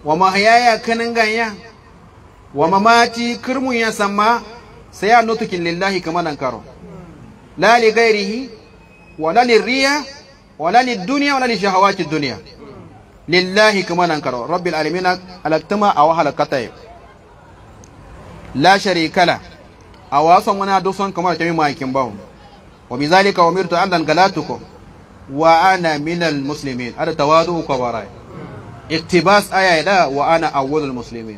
wa mahayaya kananganya wa mamati kirmun ya sama sai ya nutukin lillahi kamar nan karo la li ghairihi wa la li riya wa la li wa la li shahawati lillahi kamar nan karo rabbil alamin alaktama aw halakatay la sharika a awasan wana dusan kamar tayi makin bawo wa bi zalika umirtu an galatukum wa minal muslimin iktibas aya da wa ana awwalul muslimin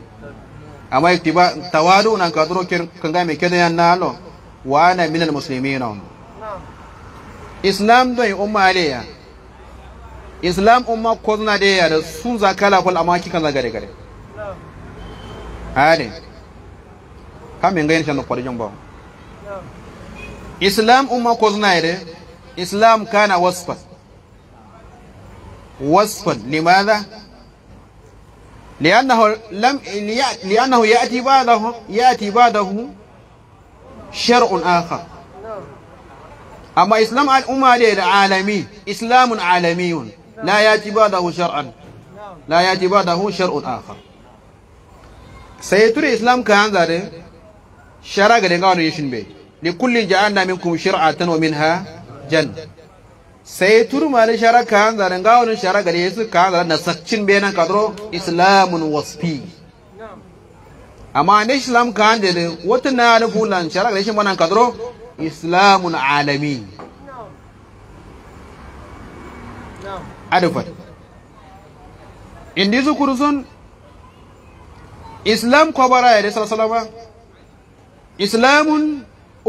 amma iktiba tawadu nan ka duro kin ga me na lo islam dai umma aleya islam umma ko da ya sun amma gare islam umma koznaire islam كان وصفا وصفا لماذا لأنه لم لأنه يأتي بعده يأتي بعده شرع آخر أما إسلام الأمة عالمي إسلام عالمي لا يأتي بعده شرعا لا يأتي بعده شرع آخر سيتري إسلام كان ذلك شرع غير قانون يشن likulli ja'alna minkum shir'atan wa minha jan sai turmali shara ka hanzar nga wani shara gare yesu ka hanzar na sakcin benan kadro islamun wasfi amma ne islam ka hanzar wata na da fulan shara gare shi manan kadro islamun alami adufat indi su kursun islam kwabara ya da salasalama islamun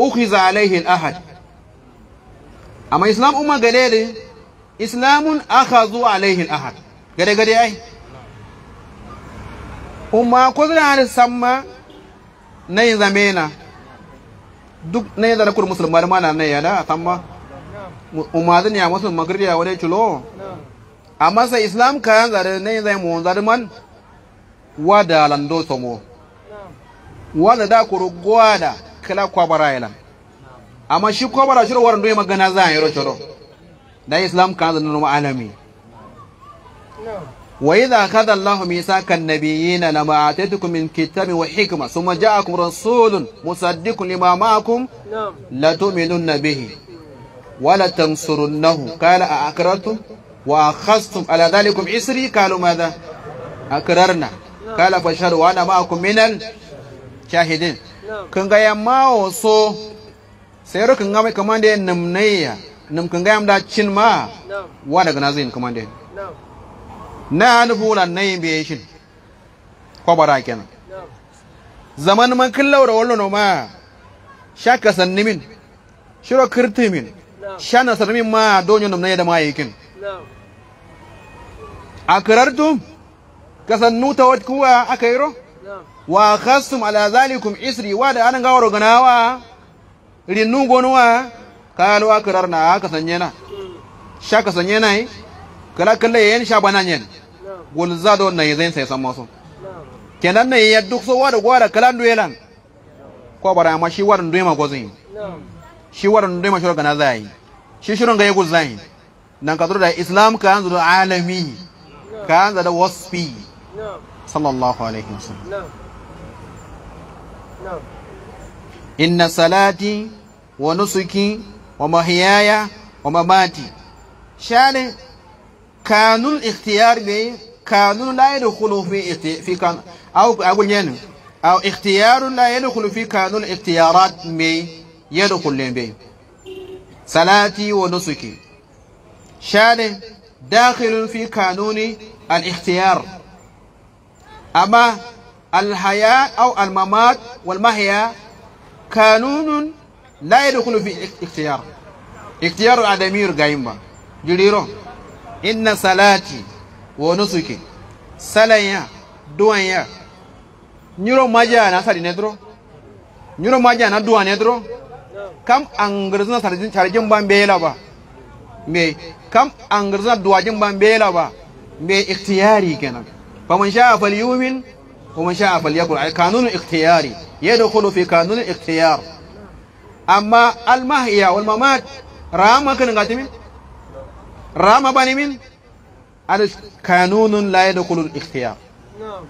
ukhiza alayhi al-ahad amma islam umma gadere islamun akhazu alayhi al-ahad gade gade ai umma ko zana samma nayi zamena duk nayi da kur musulman mana nayi yada tamma umma zan ya musulman ya wale chulo amma sai islam kayan zare nayi zai mu zare man wada lando somo wala da kurugwada kala kwabara yela amma shi kwabara shi waran doye magana za a yi rochoro da islam kan zan nuna alami wa idha akhadha allah mithaqa an-nabiyyin lama atatukum min kitabin wa hikma thumma ja'akum rasulun musaddiqun lima ma'akum la tu'minunna bihi wa la tansurunnahu qala a akrartum wa akhadhtum ala dhalikum isri qalu madha akrarna qala fashhadu wa ana ma'akum minal shahidin kanga ya mao so sero kanga mai kamande namnaya nam kanga yam da chin ma wa daga na zin kamande na nufula nayin biye shin ko bara kenan zaman man kallaura wallo ma shaka sannimin shiro kirtimin shana sarmin ma donyo namnaya da mayikin akarartum kasannuta wat kuwa akairo wa khasum ala zalikum isri wa da anan gawar ganawa rinnu gonuwa kalu akrar na ka sanye na sha ka sanye na kala kala yen sha bana yen gol zado na yen sai san maso kenan ne ya duk so da gwara kala duyelan ko bara ma shi warin duyma gozin shi warin duyma shurga na zai shi shirin ga yego zai nan ka da islam ka yanzu da alami ka yanzu da wasfi sallallahu alaihi wasallam إن صلاتي ونسكي ومحياي ومماتي شان قانون الاختيار بي قانون لا يدخل في في كان أو أقول يعني أو اختيار لا يدخل في قانون الاختيارات بي يدخل بي صلاتي ونسكي شان داخل في قانون الاختيار أما الحياة أو الممات والمحيا قانون لا يدخل في اختيار اختيار الأدمير قايمة جليرو إن صلاتي ونسكي صلايا دوانيا نيرو ماجا ناسالي ندرو نيرو ماجا ندوان ندرو كم أنغرزنا بان بيلا با مي كم أنغرزنا بان بيلا با مي اختياري كنا فمن شاء فليؤمن ومن شاء فليقل على قانون اختياري يدخل في قانون الاختيار اما المحيا والممات راما كن غاتمين راما باني من قانون لا يدخل الاختيار نعم.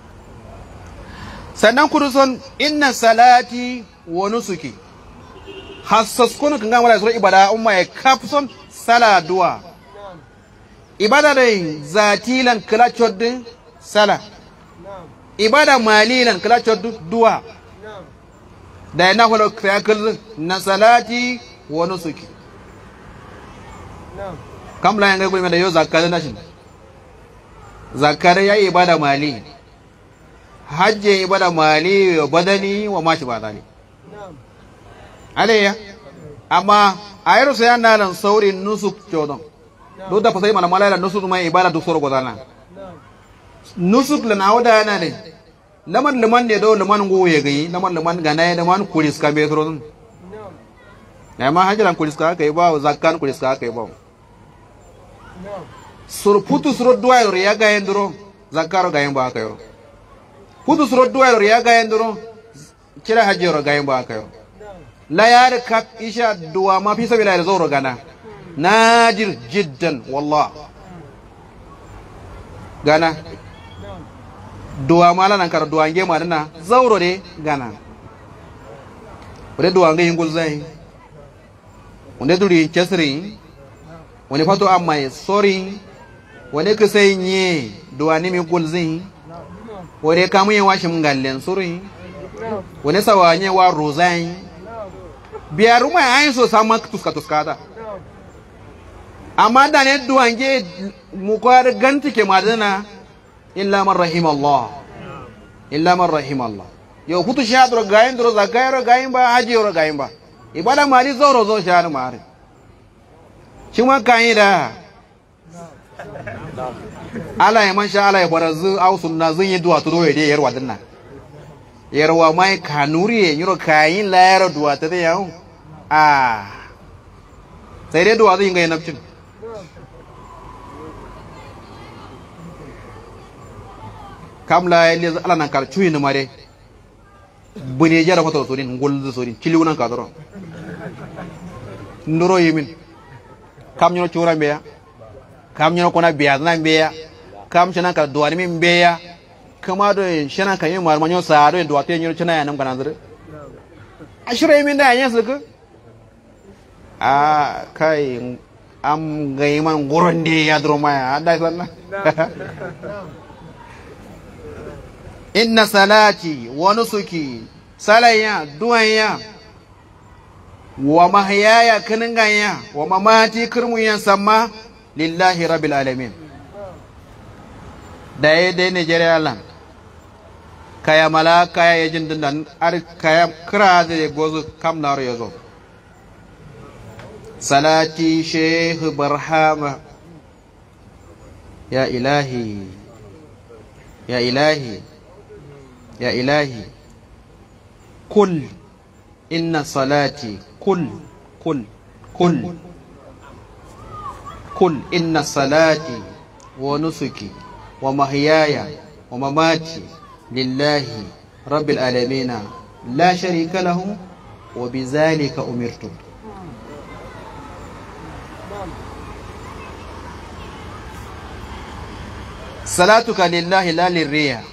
سنن كرسون ان الصلاه ونسكي خصص كن كان ولا زوري عباده ام ماي كابسون صلاه دعاء نعم. عباده ذاتي لن كلاچود صلاه ibada malilan kala duwa da yana holo kyakul na salati wa nusuki la yanga kuma da yo zakar nashin zakar ya ibada mali hajji ibada mali wa badani wa mashi ba alayya amma a yi nan saurin nusuk codon duk da fasai mala mala nusuk mai ibada duk soro godana nusuk la da yana ne laman liman ne do liman go ye gani laman liman ga nay laman kulis ka be tro na ma hajiran kulis ka kai e ba zakkan kulis ka kai e ba sur putu sur duwa ro ya ga yendro zakkaro ga yemba ka yo putu sur duwa ro ya ga yendro kira hajiro ga yemba ka yo la yar ka isha duwa ma fi sabila da zoro gana najir jiddan wallah gana duwa mala nan kar duwa ngema madana zauro de gana ore duwa ngai ngul zai onde duri chesri wani fatu amai sorry wani kisai nye duwa ni mi gulzin wani kamun yawa shi ngallen suri sawa nye wa rozai biyar mai ayin so sama tuska tuskata amma da ne duwange mukwar ganti ke madana illa man Allah illa man Allah. yo kutu shadro gayin dro gayro gayin ba hajiro gayin ba ibada mali zoro zo shanu mari shin wa kayi da ala ya man sha ala ya barazu au sunna zun yi du'a to ye yarwa dinna yarwa mai kanuri ye nyiro kayin la yaro duwa ta da yau ah sai dai du'a zun yi ga yanabcin kamla ele ala nan kar chuin mare bune jara ko to sorin ngol sorin chiliu nan ka doro ndoro yimin kam nyono chura mbeya kam nyono kona biya na mbeya kam chana ka duwani min mbeya kama do shana ka yin marma nyo do e duwate nyono chana ya nan kana zure ashira da yanya suku a kai am gaiman gurin da ya duro maya da sallah inna salati wa nusuki salaya duwanya wa mahayaya kaninganya wa mamati kirmuyan samma lillahi rabbil alamin da dai nigeria land kaya mala kaya ya jin dindan ar kaya kira da gozo kam naro ya salati sheikh barhama ya ilahi ya ilahi يا إلهي كل إن صلاتي كل كل كل كل إن صلاتي ونسكي ومحياي ومماتي لله رب العالمين لا شريك له وبذلك أمرت صلاتك لله لا للرياء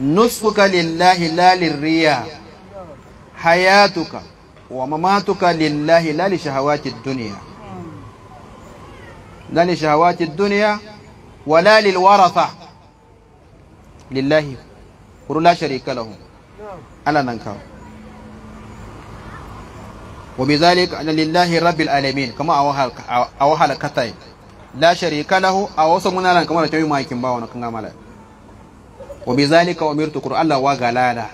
نصفك لله لا للرياء حياتك ومماتك لله لا لشهوات الدنيا لا لشهوات الدنيا ولا للورثة لله لا شريك له ألا ننكر وبذلك أن لله رب العالمين كما أوحى أوحى لكتاي لا شريك له أوصى من كما تيوم ما يكمل باونا كنا ملاك وبذلك أمرت قرآن وغلالا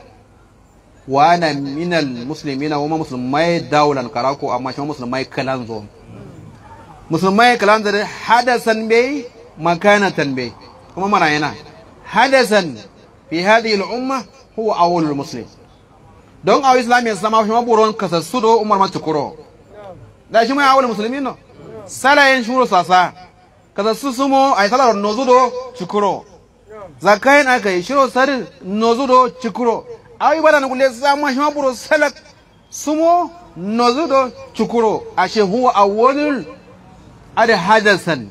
وأنا من المسلمين وما ما دولة كراكو أما شما مسلمي كلانزو مسلمي كلانزو حدثا بي مكانة بي كما مرأينا حدثا في هذه الأمة هو أول المسلم دون أو إسلام ya zama shi بورون kasassu do umar matukuro da shi mai awal musulmi no salayen shuru sasa kasassu sumo ay zakayen akai shiro sari nozudo chikuro awi bada nukule sama shima buro salak sumo nozudo chikuro ashe huwa awwalul adi hadasan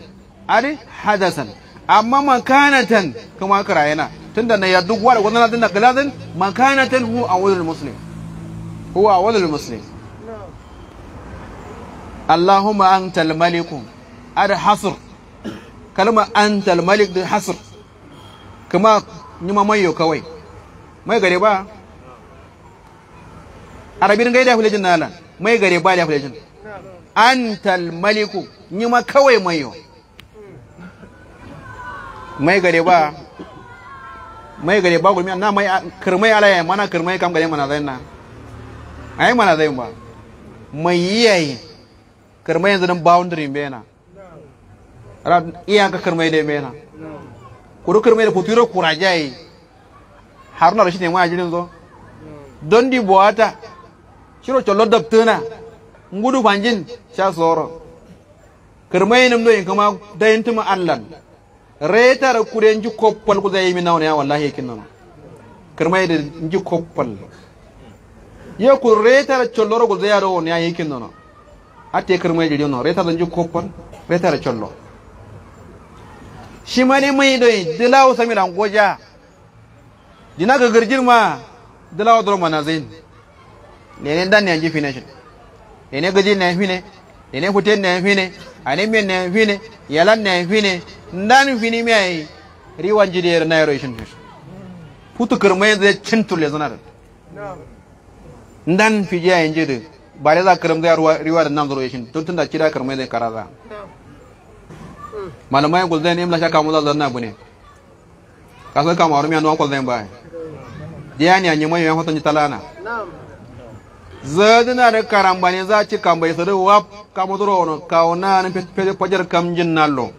adi hadasan amma makanatan kuma karayana tunda na yaddu wa da wannan din da galadin makanatan huwa awwalul muslim huwa awwalul muslim Allahumma antal maliku adi hasur kalma antal malik din hasr kuma mai mayo kawai mai gare ba arabin gaida hulajin nalan mai gare ba da hulajin antal maliku nyuma kawai mayo mai gare ba mai gare ba gulmi na mai kirmai alaya mana kirmai kam gare mana zai na ai mana zai ba mai yayi kirmai yanzu nan boundary bena ran iyaka kirmai dai bena kurukar mai da kuturo kurajaye haruna rashid ne ma jirin zo don di buwata shiro chollo dabtuna ngudu fanjin sha soro kirmai nim do kuma dayin tuma allan reta da kuren ji koppal ku zai mi nauna ya wallahi kin nan kirmai da ji koppal ya ku reta da chollo ku zai ya do ne ya kin nan a te kirmai jirin no reta da ji koppal reta da chollo shimani mai doi dilawo samil goja dina ga girgir ma dilawo dol manazin ne ne dan ne anji finish ne ne gaji ne fine ne ne hotel ne fine ani men ne fine yalan ne fine dan fini mi ai riwan jide na yaro shi putu kirmai zai cintur le zanar dan fiji ayin jide ji da za kirmai riwa da nan zuro shi tun tun da kira kirmai zai karaza malamai ko ne mla shaka mu zanna na bune kaso ka maru miya no ko zai bai diya ne anyi mai yan hoton talana zadina da karambani za ci kambai sadu wap kamuduro no kauna pe pete pajar kamjin nallo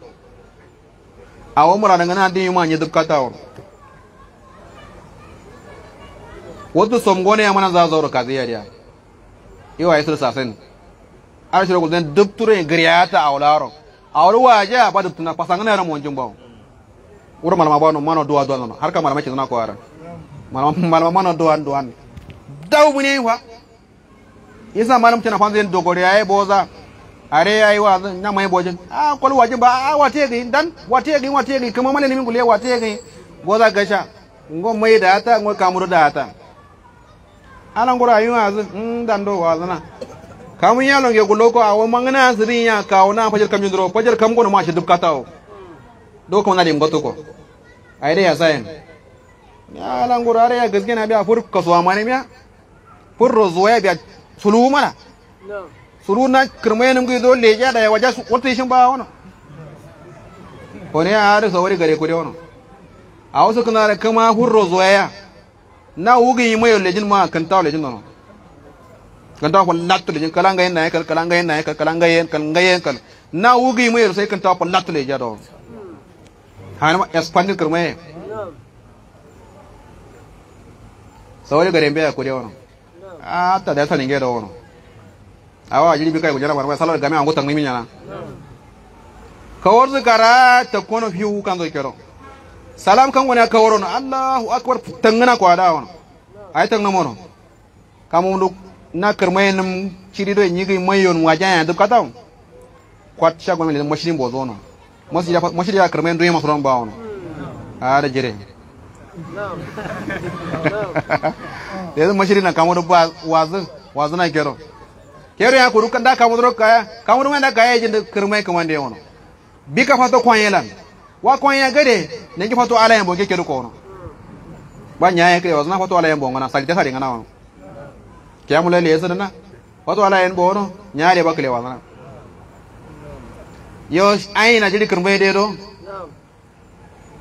awo mura daga na din yuma nyi dukata wor wato somgone ya mana za zauro kaziya dia iwa isu sasen arshiro ko zan dukture griyata awlaro awru waja badu tuna pasangana era monjung bau uru mana mabau no mano <laughs> dua dua no har kamara mechi na ko ara mana mana mano dua dua dau bune wa isa mana mtena kwanza ndo gore yae boza are yae wa na mai bojin ah kol waje ba ah, wate gi dan wate gi wate gi kuma mana ni mingule wate gi boza gasha ngo mai data ta ngo kamuru da ta anan gura yi wa hmm, dan do wa zana kamun yalon ge gulo ko awo mangana zirinya kawo na fajar kam yundro fajar kam gono ma shi dubka tawo do ko na lim goto ko ai dai ya zayin ya lan gurare ya gaske na biya fur kasuwa mane biya fur rozuwa ya biya sulu mana sulu na kirmai nim gido leja da ya waja su wata shin ba wannan ko ne ya da sawari gare ku dai wannan a wasu kana da kama fur rozuwa ya na wugi mai lejin ma kan tawo lejin nan kan ta kon latle jin kala ngayen nay kal kala ngayen nay kal kala ngayen kal ngayen kal na wugi mu yer sai kan ta kon latle ja do hanama expand kar mai sawai gare mbe ko de wono a ta da tani ngedo wono awa jini bi kai ko jara barba salo game an gutang ni minyana ka warzu kara ta kono hiu kan zo kero salam kan wona ka worono allahu akbar tangana ko ada wono ay tangna mono kamundu na kermayenum chirido nyigi mayon wajanya dub katong kwat sha gwamen le mashirin bozono ya masjida kermayen duye masron baono ada jere <laughs> yanzu mashirin na kamodo ba wazin wazin na kero kero ya kuru rukanda kamodo ka kamodo na ka ya da kaya jin kermayen kaman bi ka fato yelan wa ya gade ne ki fato bo ke kero ko no ba nyaaya kire wazin na fato alayan bongo ta sagita sari ngana wono qiyamulaili yesoɗana watu wala en ɓoono ñaali bakkule wanana yo na jiri kirmoye do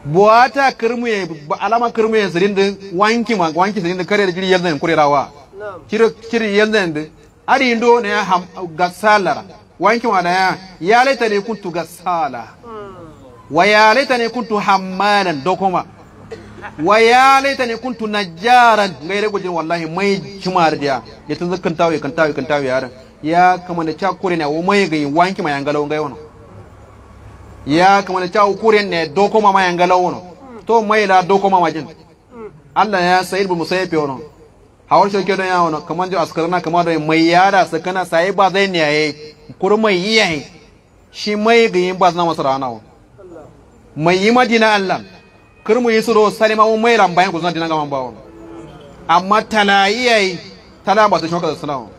buata kirmu ye alama kirmuye sirinde wanki ma wanki sirinde kare jiri yelden kure rawa kire kire yelden de ari ndo ne ham gasalara wanki wana daya ya laitani kuntu gasala hmm. wa ya laitani kuntu hammalan dokoma wa ya laita ne kuntu najjaran gaire gudin wallahi mai kimar dia ya tun zakkan tawo ya kan tawo ya kan tawo yaran ya kama da cha kore ne wa mai gai wanki ma yangalo ngai wono ya kama da cha kore ne doko ma ma yangalo wono to mai la doko ma majin Allah ya sa'id bu musayfi wono hawar shoke don ya wono kaman jo askarna kaman da mai yara sakana sai ba zai ne yayi kurmai iyaye shi mai gai ba zan masa rana mai yi madina Allah kar mu yisuro salima wo mailan bayan ku zuna dinanga man bawon amma talayiyai ba ta shoka salama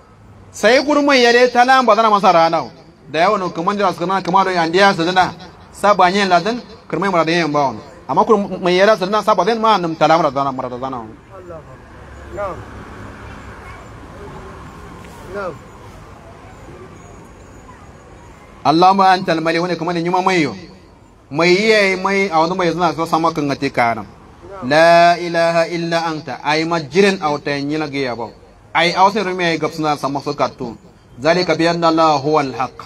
sai gurmai yare talamba zana masa rana da yawan kaman jira su kana kamar yan diya su dana sabanyen ladan kirmai mara da yan bawon amma kun mai yara su dana sabanyen ma nam talamara zana mara da zana Allahumma anta al-malik wa ni'mal mayyit Mai a mai ಮೈ ಅವನು sama kan gati ಕಾರಂ la ilaha illa anta ay majirin auta yina ge yabo ay ausa rumi ay na sama su kattu zalika bi anna allah huwa al haqq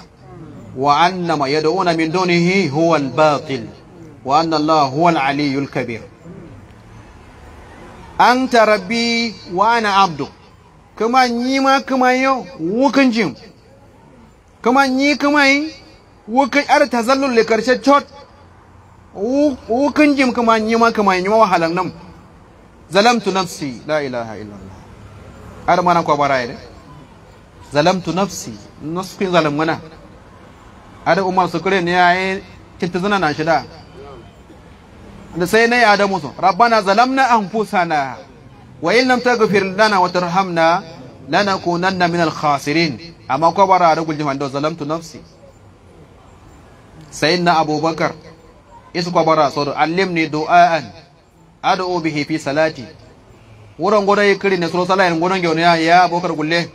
wa anna ma yad'una min dunihi huwa al batil wa anna allah huwa al aliy al kabir anta rabbi wa ana abdu kuma ni ma kuma yo wukan jin kuma ni kuma yi wukan ar tazallul le karshe chot وكنجم كنجم كما نيما كما نيما وحالنا زلمت نفسي لا إله إلا الله أرما نكو براي زلمت نفسي نسكن زلم منا أدو أمام سكري نياي تلتزنا ناشدا لسينا يا أدو موسو ربنا زلمنا أنفسنا وإن لم تغفر لنا وترحمنا لنكونن من الخاسرين أما كو براي أدو قل دو زلمت نفسي سيدنا أبو بكر isuko bara sodo allimni du'aan ad'u bihi fi salati wuron godo yikiri ne suro salayin godo ngi ya ya bokar gulle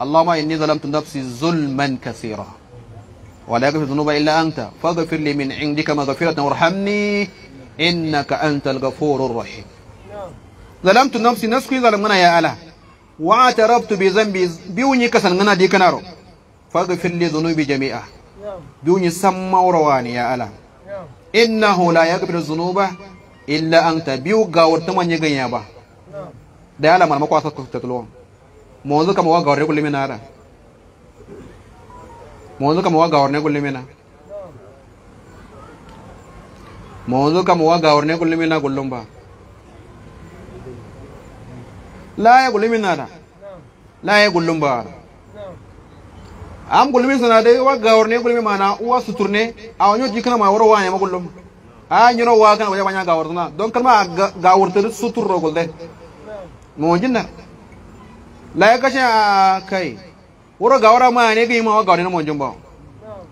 allahumma inni zalamtu nafsi zulman kaseera wa la yaghfiru dhunuba illa anta faghfir li min 'indika maghfiratan warhamni innaka antal ghafurur rahim zalamtu nafsi nasku zalamna ya ala wa atarabtu bi dhanbi biwni kasan ngana di kanaro faghfir li dhunubi jami'a biwni samma urawani ya ala hula la yaghfiru ba illa biyu ga gawar manyan ganya ba. da ala marma ko ta ko tatlo monzo kama wa gawar ko limina ara monzo kama wa gawar ne ko limina monzo kama wa gawar ne ko ba la ya kullumina da, la ya kullum ba. am gulmi sana dai wa ne gulmi mana wa suturne awanyo kana ma wa ne ma gullum a nyino wa kana wajaba nya gawar suna don ma gawar ta sutur ro gulde mu jinna la ya kashe kai wuro gawar ma ne gi ma wa ne mo jumba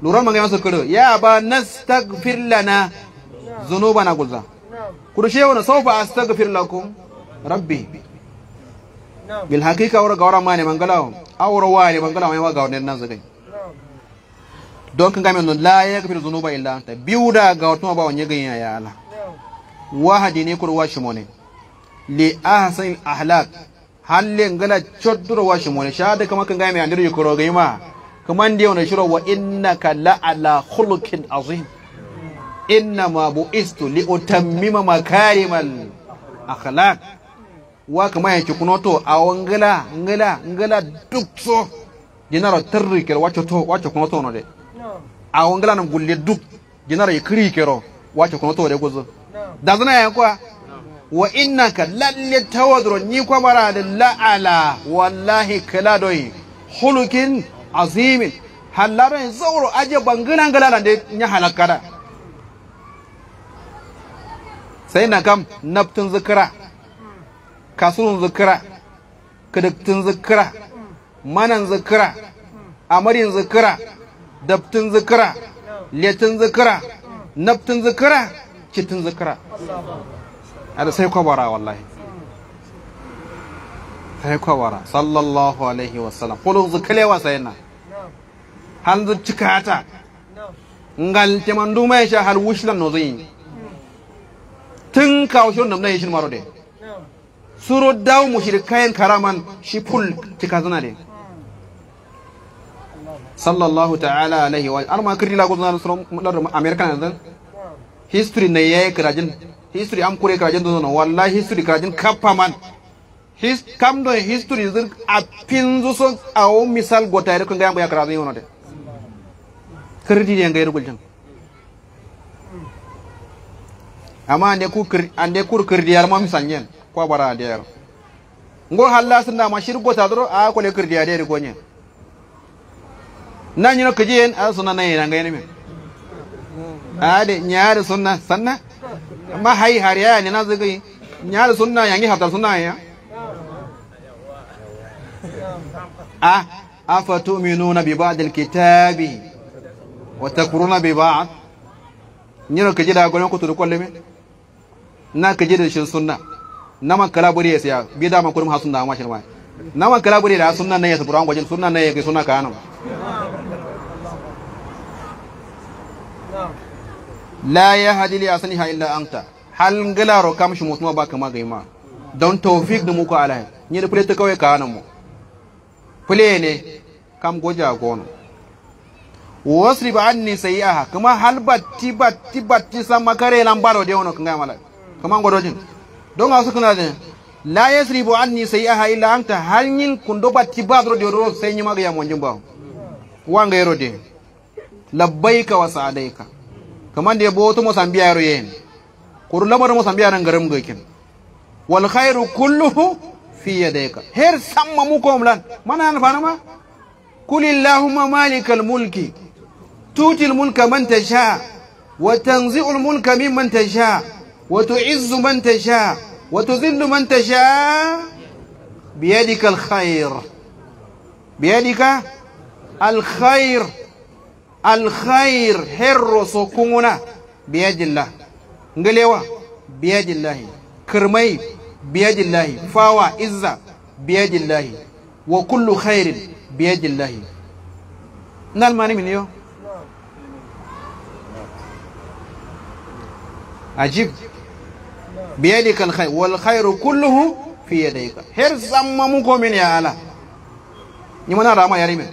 lura ma ga masu kudu ya ba nastaghfir lana dhunubana gulza kudu shewa na sawfa astaghfir lakum rabbi bil hakika wara gawara mane mangalaw awra wale mangalaw wa gawne nan zagai donc ngam non la yaghfiru dhunuba illa anta biuda gawto ba wonye gayin ya ala wahadi ne kurwa mone li ahsan ahlak halle ngala chodduro wa mone shada kama kan ngam ya ndiru gai ma. kaman dia wona shiro wa innaka la ala khuluqin azim inna ma bu'istu li utammima makarimal akhlaq wa kama kuno to awo wangala ngala ngala dukso so terri kero wacho to wacho to no de awo wangala nam gulle duk jinaro ikri kero wacho to de gozo ya kwa wa innaka lalle tawadro ni kwa bara da la'ala wallahi kala doyi hulukin azimin halarin zauro aje ngala galala de nya halakara sai na kam naftun zikra kasun zikira kidiktin zikira manan zikira amarin zikira dabtin zikira letin zikira naftin zikira kitin zikira ada sai kwabara wallahi sai kwabara sallallahu alaihi wasallam kulu zikalewa sayna hanzu cikata ngal mandu mai sha hal wushlan no zin tin kawo shon namna maro marode suro dawo shirkayen karaman shi cika zana ne sallallahu ta'ala alaihi wa ar ma kirila go zan suro dar amerika nan zan history ne yayi karajin history am kure karajin don wallahi history karajin kappa man his kam don history zin a pinzu so a o misal gota yadda kun ga yamba kirajin yono de kirdi ne ngayru guljan amma ande ku ande kur kirdi yar ma misanyen kwa bara ndero ngo halas na mashir gota dro a ko le kirdi ade ko nya nan yino kijen a sunna nay ranga yene me ade nyaare sunna sanna ma hay hariya ne na zagi nyaare sunna yangi hafta sunna ya a afatu'minuna bi ba'd al-kitabi wa takfuruna bi ba'd nyino kijida gonon ko to ko leme na kijida shin sunna naman sai bi da man kurum hasun da amma shirma naman kalaburi da sunnan ne ya saburan gwajin sunnan ne ya kai sunna kanan la ya hadi li asliha illa anta hal ngala ro kam shi mutuma ba kama gaima don tawfik da muku alai ni da fule ta kawai kanan mu fule ne kam goja gono ba anni sayi'aha kuma hal batti batti batti sama kare lambaro de wono kanga mala kuma gwadojin don hausa kuna da la yasribu anni sayi'aha illa anta halnyin kundo batti badro de ro sai nyi maga yamon jimba wanga yero de labbaika wa sa'adaika kaman de boto mo sambiya yero yen kuru lamar mo sambiya nan garam gokin wal khairu kulluhu fi yadayka her samma mu ko mlan mana an fanama qul illahumma malikal mulki tutil mulka man tasha wa tanzi'ul mulka mimman tasha wa tu'izzu man tasha وتذل من تشاء بيدك الخير بيدك الخير الخير هر سكوننا بيد الله نقلوا بيد الله كرمي بيد الله فاوى إزا بيد الله وكل خير بيد الله نال ماني من يو نعم. عجيب بيدك الخير والخير كله في يديك هر زممكم من يا الله نمنا راما يا ريمي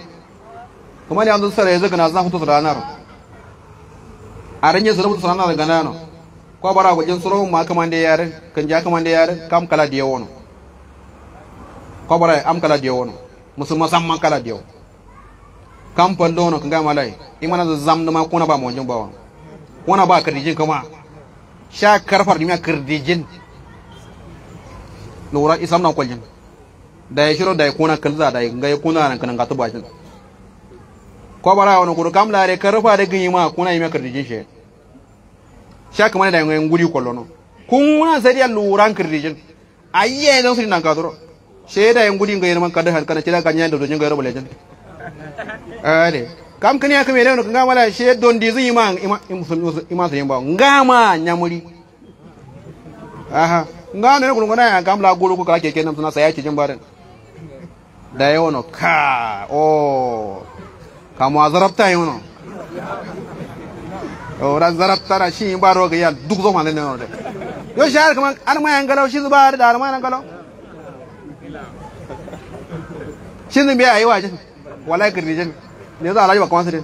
kuma ne an zo sarai zaka na zan fito ranar a ranye su rubuta ranar gana no ko bara gujin suro ma kaman da yare kan ja kaman da yare kam kala da yawono ko bara am kala da yawono musulma san man kala da yawo kam pando no kan ga malai imana zam da ma kuna ba mu jin kuna ba kadijin kuma ಶಾಖರ ಫರ್ನಿಮ kirdijin lura isam na kwaljin da ya shiro da ya kuna kalza da ya ga ya kuna nan kanan gatu bashin ko bara wani kuru kam lare karfa da gin ma kuna yi makar dijin she sha kamar da yan guri kollono kuna sariya luran kirdijin ayye ga sun nan kaduro she da yan guri ga yan man kadar kan ce da ganya da dojin ga yaro bulejin are kam kani aka mele no kanga mala she don di zin ima ima zin ba ngama nyamuri aha nga ne kulungona ya kam la gulu ko kala keke nam suna saya cijin barin da yono ka o zarabta azarabta yono o ran zarabta ra shi ba ga ya duk zo ne no de yo shar kaman an ma yangalo shi zubar da an ma galo. shin biya ayi wajin wallahi jin ne za a laji ba kwansa din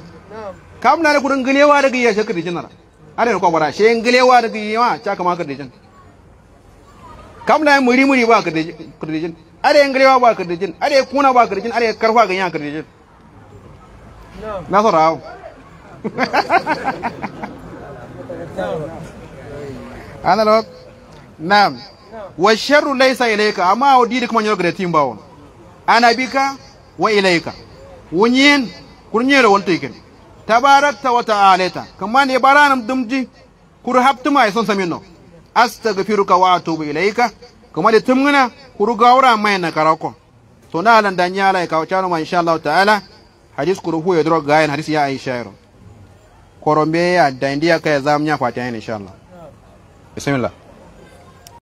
kam na kudin gilewa da iya shekar dijin nara ana ne kwakwara shi yin gilewa da iya ma cha kama ka dijin kam na muri muri ba ka dijin are yin gilewa ba ka dijin are kuna ba ka dijin are karfa ga yan ka dijin na so rawo <laughs> ana lo nam wa sharru laysa ilayka amma wadi da kuma nyo ga timbawo ana bika wa ilayka wunyin kurnyere wonto iken tabarakta wa ta'alata kamani baranam dumji kur haptu mai son samino astaghfiruka wa atubu ilayka tumuna kur gaura mai na karako to na lan danyala wa chano ma insha allah ta'ala hadis kur huye dro gayen hadis ya aisha ro korombe ya dia ka zamnya kwa insha Allah bismillah